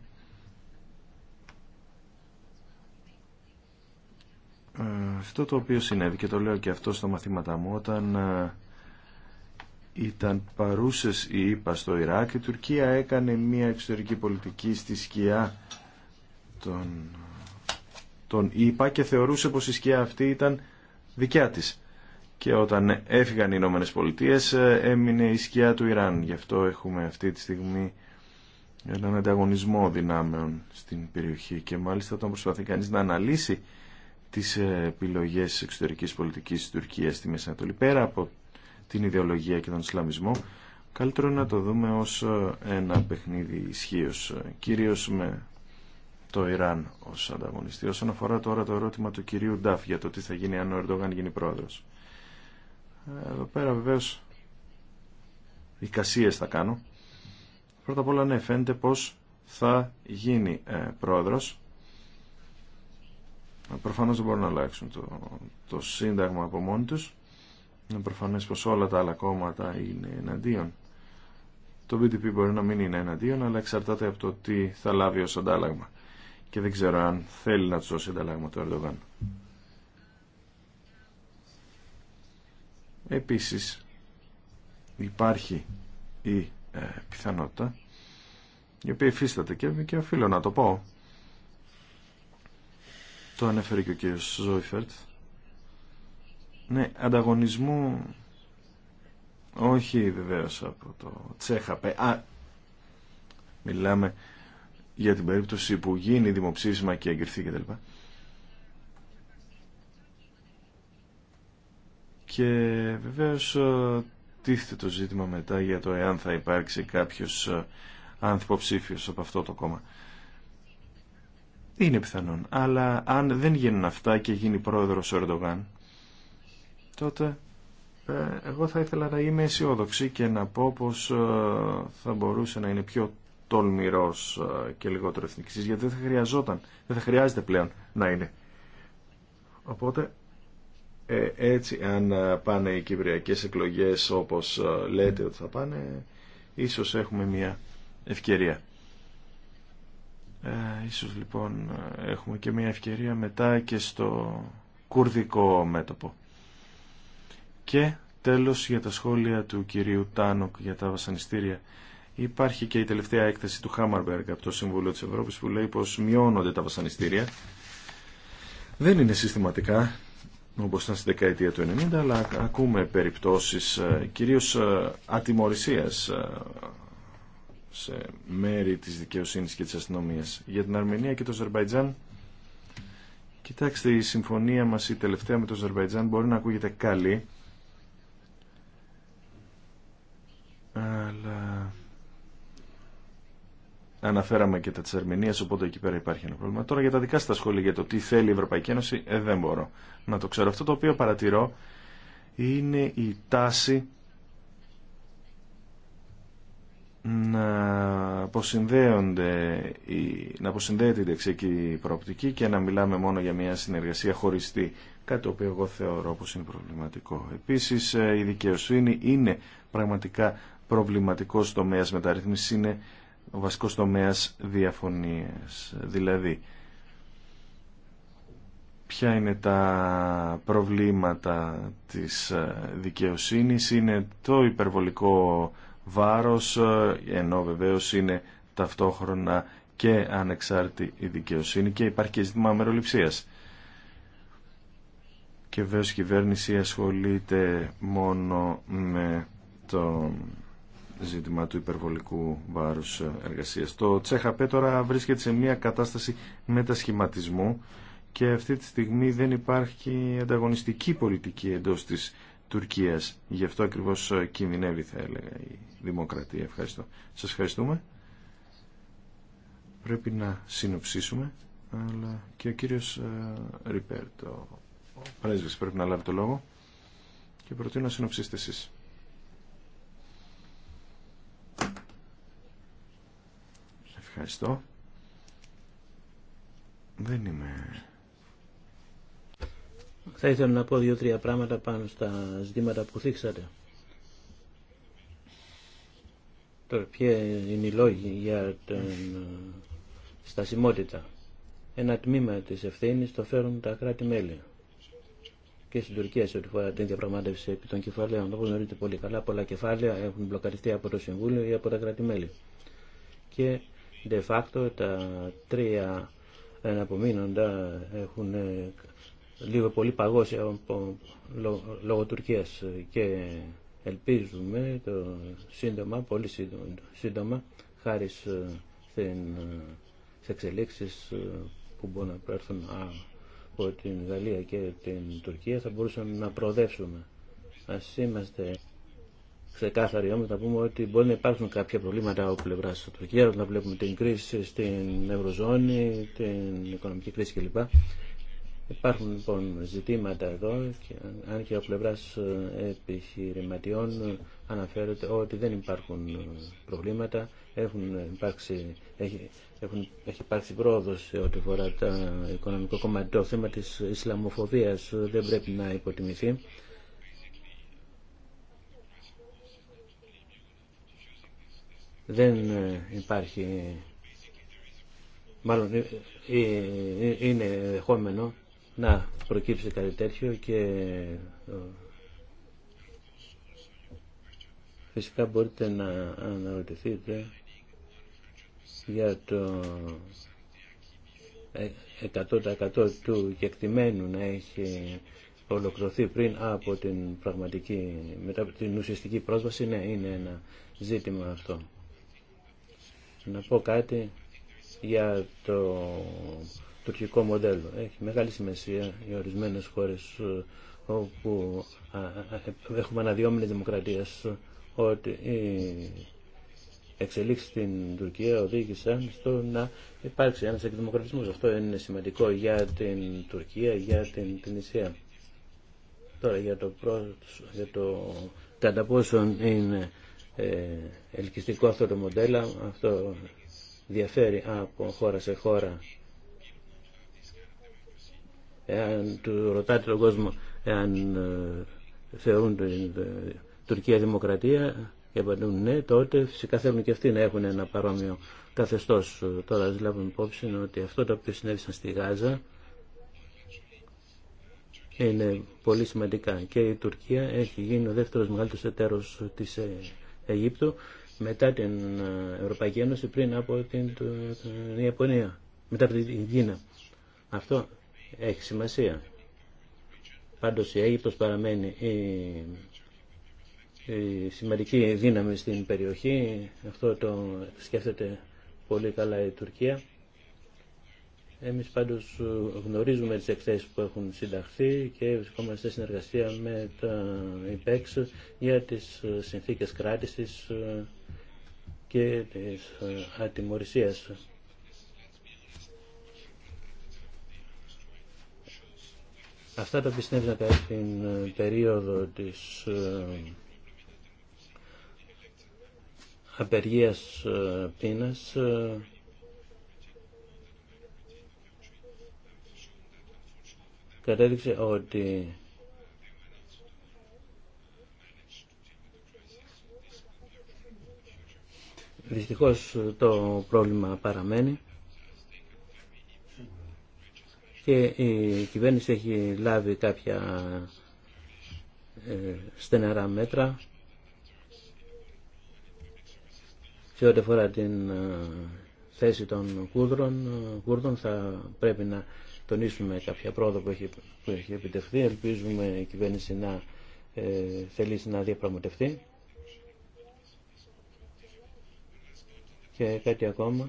αυτό το οποίο συνέβη και το λέω και αυτό στα μαθήματά μου όταν ε, ήταν παρούσες η ΙΠΑ στο Ιράκ η Τουρκία έκανε μια εξωτερική πολιτική στη σκιά των, των ΙΠΑ και θεωρούσε πως η σκιά αυτή ήταν δικιά της και όταν έφυγαν οι Ηνωμένε Πολιτείε ε, έμεινε η σκιά του Ιράν γι' αυτό έχουμε αυτή τη στιγμή έναν ανταγωνισμό δυνάμεων στην περιοχή και μάλιστα όταν προσπαθεί κανείς να αναλύσει τις επιλογές εξωτερικής πολιτικής της Τουρκίας στη Μέση Ανατολή. Πέρα από την ιδεολογία και τον Ισλαμισμό, καλύτερο είναι να το δούμε ως ένα παιχνίδι ισχύω, κυρίως με το Ιράν ως ανταγωνιστή. Όσον αφορά τώρα το ερώτημα του κυρίου Νταφ για το τι θα γίνει αν ο Ερντογάν γίνει πρόεδρος. Εδώ πέρα βεβαίως δικασίες θα κάνω. Πρώτα απ' όλα ναι, φαίνεται πως θα γίνει ε, πρόεδρος ε, προφανώς δεν μπορούν να αλλάξουν το, το σύνταγμα από μόνοι τους. Είναι προφανές πως όλα τα άλλα κόμματα είναι εναντίον. Το BDP μπορεί να μην είναι εναντίον, αλλά εξαρτάται από το τι θα λάβει ως αντάλλαγμα. Και δεν ξέρω αν θέλει να του δώσει αντάλλαγμα το Ερντογάν. Επίσης, υπάρχει η ε, πιθανότητα, η οποία υφίσταται και, και οφείλω να το πω, το ανέφερε και ο κύριος Ζόιφερτ. Ναι, ανταγωνισμού όχι βεβαίως από το Τσέχαπε. Α, μιλάμε για την περίπτωση που γίνει δημοψήφισμα και εγκριθεί κτλ. Και, και βεβαίως ε, τίθεται το ζήτημα μετά για το εάν θα υπάρξει κάποιος ε, ανθυποψήφιος από αυτό το κόμμα. Είναι πιθανόν. Αλλά αν δεν γίνουν αυτά και γίνει πρόεδρος ο Ερντογάν, τότε ε, εγώ θα ήθελα να είμαι αισιόδοξη και να πω πως ε, θα μπορούσε να είναι πιο τολμηρός ε, και λιγότερο εθνικής, γιατί δεν θα χρειαζόταν, δεν θα χρειάζεται πλέον να είναι. Οπότε έτσι αν πάνε οι κυπριακές εκλογές όπως λέτε ότι θα πάνε, ίσως έχουμε μια ευκαιρία. Ε, ίσως λοιπόν ε, έχουμε και μια ευκαιρία μετά και στο κουρδικό μέτωπο. Και τέλος για τα σχόλια του κυρίου Τάνοκ για τα βασανιστήρια. Υπάρχει και η τελευταία έκθεση του Χάμαρμπεργκ από το Συμβούλιο της Ευρώπης που λέει πως μειώνονται τα βασανιστήρια. Δεν είναι συστηματικά όπως ήταν στη δεκαετία του 90 αλλά ακούμε περιπτώσεις ε, κυρίως ε, ατιμορρησίας σε μέρη της δικαιοσύνης και της αστυνομίας. Για την Αρμενία και το Αζερβαϊτζάν, κοιτάξτε, η συμφωνία μας η τελευταία με το Αζερβαϊτζάν μπορεί να ακούγεται καλή, αλλά αναφέραμε και τα της Αρμενίας, οπότε εκεί πέρα υπάρχει ένα πρόβλημα. Τώρα για τα δικά σας σχόλια για το τι θέλει η Ευρωπαϊκή Ένωση, ε, δεν μπορώ να το ξέρω. Αυτό το οποίο παρατηρώ είναι η τάση να αποσυνδέονται να αποσυνδέεται η δεξιακή προοπτική και να μιλάμε μόνο για μια συνεργασία χωριστή κάτι το οποίο εγώ θεωρώ πως είναι προβληματικό επίσης ε, η δικαιοσύνη είναι πραγματικά προβληματικός τομέας μεταρρύθμισης είναι ο βασικός τομέας διαφωνίας δηλαδή ποια είναι τα προβλήματα της ε, δικαιοσύνης είναι το υπερβολικό βάρος, ε, ενώ βεβαίως είναι ταυτόχρονα και ανεξάρτητη η δικαιοσύνη και υπάρχει και ζήτημα αμεροληψίας. Και βέβαια η κυβέρνηση ασχολείται μόνο με το ζήτημα του υπερβολικού βάρους ε, εργασίας. Το ΤΣΕΧΑΠΕ τώρα βρίσκεται σε μια κατάσταση μετασχηματισμού και αυτή τη στιγμή δεν υπάρχει ανταγωνιστική πολιτική εντός της Τουρκίας. Γι' αυτό ακριβώς ε, κινδυνεύει θα έλεγα η δημοκρατία. Ευχαριστώ. Σας ευχαριστούμε. Πρέπει να συνοψίσουμε αλλά και ο κύριος ε, Ριπέρτο, ο πρέσβης πρέπει να λάβει το λόγο και προτείνω να συνοψίσετε εσείς. Ευχαριστώ. Δεν είμαι θα ήθελα να πω δύο-τρία πράγματα πάνω στα ζητήματα που θίξατε. Τώρα, ποιοι είναι οι λόγοι για την ε, στασιμότητα. Ένα τμήμα τη ευθύνη το φέρουν τα κράτη-μέλη και στην Τουρκία σε ό,τι φορά την διαπραγμάτευση επί των κεφαλαίων. όπω γνωρίζετε πολύ καλά. Πολλά κεφάλαια έχουν μπλοκαριστεί από το Συμβούλιο ή από τα κράτη-μέλη. Και de facto τα τρία εναπομείνοντα έχουν ε, λίγο πολύ παγώσει λόγω Τουρκίας και ελπίζουμε το σύντομα, πολύ σύντομα, χάρη ε, ε, στις εξελίξεις ε, που μπορούν να προέρθουν από την Γαλλία και την Τουρκία θα μπορούσαν να προοδεύσουμε. Ας είμαστε ξεκάθαροι όμως να πούμε ότι μπορεί να υπάρχουν κάποια προβλήματα από πλευρά της Τουρκίας, να βλέπουμε την κρίση στην Ευρωζώνη, την οικονομική κρίση κλπ. Υπάρχουν λοιπόν ζητήματα εδώ και αν και ο πλευράς ε, επιχειρηματιών ε, αναφέρεται ότι δεν υπάρχουν ε, προβλήματα, έχουν υπάρξει, έχει, έχουν, έχει υπάρξει πρόοδο σε ό,τι φορά το οικονομικό κομμάτι. Το θέμα της Ισλαμοφοβίας δεν πρέπει να υποτιμηθεί. Δεν υπάρχει Μάλλον είναι δεχόμενο να προκύψει κάτι τέτοιο και ε, φυσικά μπορείτε να αναρωτηθείτε για το 100% ε, του κεκτημένου να έχει ολοκληρωθεί πριν από την πραγματική, μετά από την ουσιαστική πρόσβαση, ναι, είναι ένα ζήτημα αυτό. Να πω κάτι για το τουρκικό μοντέλο. Έχει μεγάλη σημασία για ορισμένε χώρε ε, όπου ε, έχουμε αναδυόμενη δημοκρατία ε, ότι οι εξελίξη στην Τουρκία οδήγησαν στο να υπάρξει ένας εκδημοκρατισμός. Αυτό είναι σημαντικό για την Τουρκία, για την, Ισία. Τώρα για το, προ... για το κατά πόσο είναι ελκυστικό αυτό το μοντέλο, αυτό διαφέρει από χώρα σε χώρα εάν του ρωτάτε τον κόσμο εάν ε, θεωρούν την Τουρκία δημοκρατία και απαντούν ναι, τότε φυσικά θέλουν και αυτοί να έχουν ένα παρόμοιο καθεστώς. Τώρα ας λάβουμε υπόψη ότι αυτό το οποίο συνέβησαν στη Γάζα είναι πολύ σημαντικά και η Τουρκία έχει γίνει ο δεύτερος μεγαλύτερος εταίρος της ε, Αιγύπτου μετά την ε, Ευρωπαϊκή Ένωση πριν από την, Ιαπωνία, μετά από την Κίνα. Αυτό έχει σημασία. Πάντως η Αίγυπτος παραμένει η, σημαντική δύναμη στην περιοχή. Αυτό το σκέφτεται πολύ καλά η Τουρκία. Εμείς πάντως γνωρίζουμε τις εκθέσεις που έχουν συνταχθεί και βρισκόμαστε σε συνεργασία με τα ΙΠΕΞ για τις συνθήκες κράτησης και της ατιμορρησίας. Αυτά τα πιστεύω στην την ε, περίοδο της ε, απεργίας ε, πείνας κατέδειξε ότι δυστυχώς το πρόβλημα παραμένει και η κυβέρνηση έχει λάβει κάποια ε, στεναρά μέτρα σε ό,τι αφορά την ε, θέση των Κούρδων, Κούρδων θα πρέπει να τονίσουμε κάποια πρόοδο που έχει, επιτευχθεί. Ελπίζουμε η κυβέρνηση να ε, θελήσει να διαπραγματευτεί. Και κάτι ακόμα.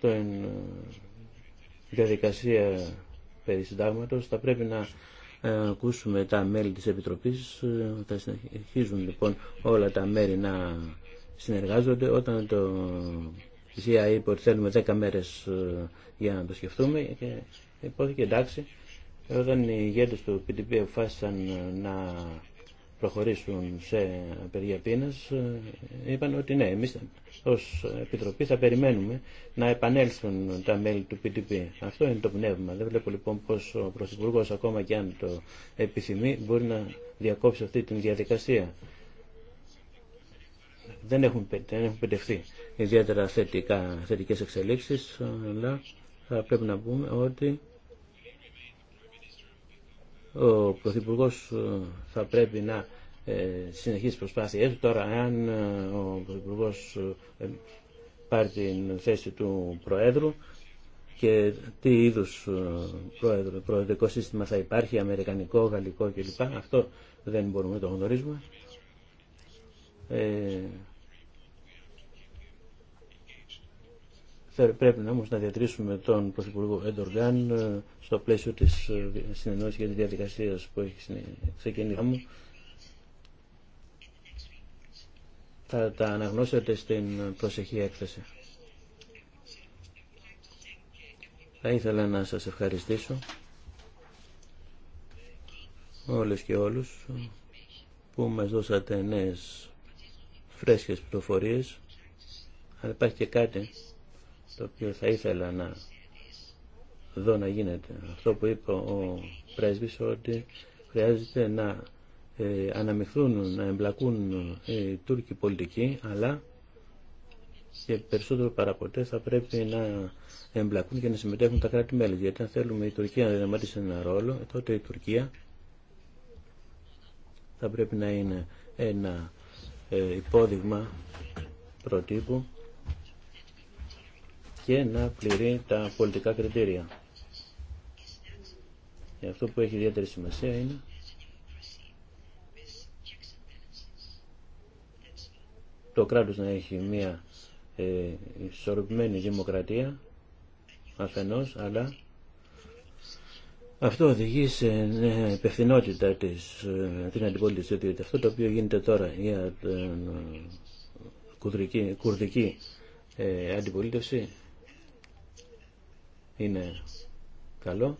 εν διαδικασία περί συντάγματος. Θα πρέπει να ε, ακούσουμε τα μέλη της Επιτροπής. Ε, θα συνεχίζουν λοιπόν όλα τα μέρη να συνεργάζονται. Όταν το ΣΥΑ είπε ότι θέλουμε 10 μέρες ε, για να το σκεφτούμε και υπόθηκε εντάξει. Όταν οι ηγέτες του PTP αποφάσισαν να προχωρήσουν σε απεργία πείνας, ε, είπαν ότι ναι, εμείς ως Επιτροπή θα περιμένουμε να επανέλθουν τα μέλη του PTP. Αυτό είναι το πνεύμα. Δεν βλέπω λοιπόν πως ο Πρωθυπουργό ακόμα και αν το επιθυμεί μπορεί να διακόψει αυτή την διαδικασία. Δεν έχουν, δεν έχουν πεντευθεί ιδιαίτερα θετικά, θετικές εξελίξεις, αλλά θα πρέπει να πούμε ότι ο Πρωθυπουργό ε, θα πρέπει να ε, συνεχίσει προσπάθεια προσπάθειές Τώρα, αν ε, ο Πρωθυπουργό πάρει την θέση του Προέδρου και τι είδους προεδρικό σύστημα θα υπάρχει, αμερικανικό, γαλλικό κλπ. Αυτό δεν μπορούμε να το γνωρίζουμε. Πρέπει να όμως να διατρήσουμε τον Πρωθυπουργό Εντοργάν ε, στο πλαίσιο της ε, συνεννόησης για τη διαδικασία που έχει ξεκινήσει μου. Θα τα αναγνώσετε στην προσεχή έκθεση. Θα ήθελα να σας ευχαριστήσω όλες και όλους που μας δώσατε νέες φρέσκες πληροφορίες αλλά υπάρχει και κάτι το οποίο θα ήθελα να δω να γίνεται. Αυτό που είπε ο πρέσβης ότι χρειάζεται να ε, αναμειχθούν, να εμπλακούν ε, οι Τούρκοι πολιτικοί, αλλά και περισσότερο παραποτέ θα πρέπει να εμπλακούν και να συμμετέχουν τα κράτη-μέλη. Γιατί αν θέλουμε η Τουρκία να δημιουργήσει ένα ρόλο, τότε η Τουρκία θα πρέπει να είναι ένα ε, υπόδειγμα προτύπου και να πληρεί τα πολιτικά κριτήρια. αυτό που έχει ιδιαίτερη σημασία είναι το κράτος να έχει μια ε, ισορροπημένη δημοκρατία αφενός, αλλά αυτό οδηγεί σε υπευθυνότητα της, ε, την αντιπολίτευση, διότι αυτό το οποίο γίνεται τώρα για την κουρδική, κουρδική ε, αντιπολίτευση είναι καλό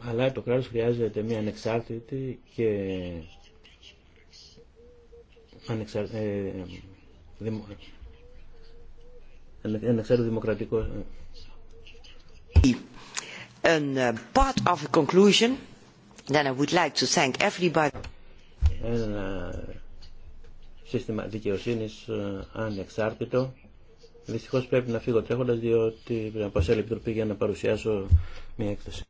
αλλά το κράτος χρειάζεται μια ανεξάρτητη και ανεξάρ... ε... δημο... Ε, ανεξάρτητο δημοκρατικό ε. uh, part of a conclusion then I would like to thank everybody σύστημα δικαιοσύνης ε, ανεξάρτητο. Δυστυχώς πρέπει να φύγω τρέχοντας διότι πρέπει να πάω σε επιτροπή για να παρουσιάσω μια έκθεση.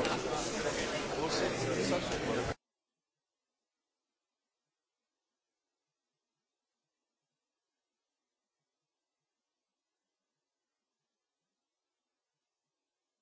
Ευχαριστώ.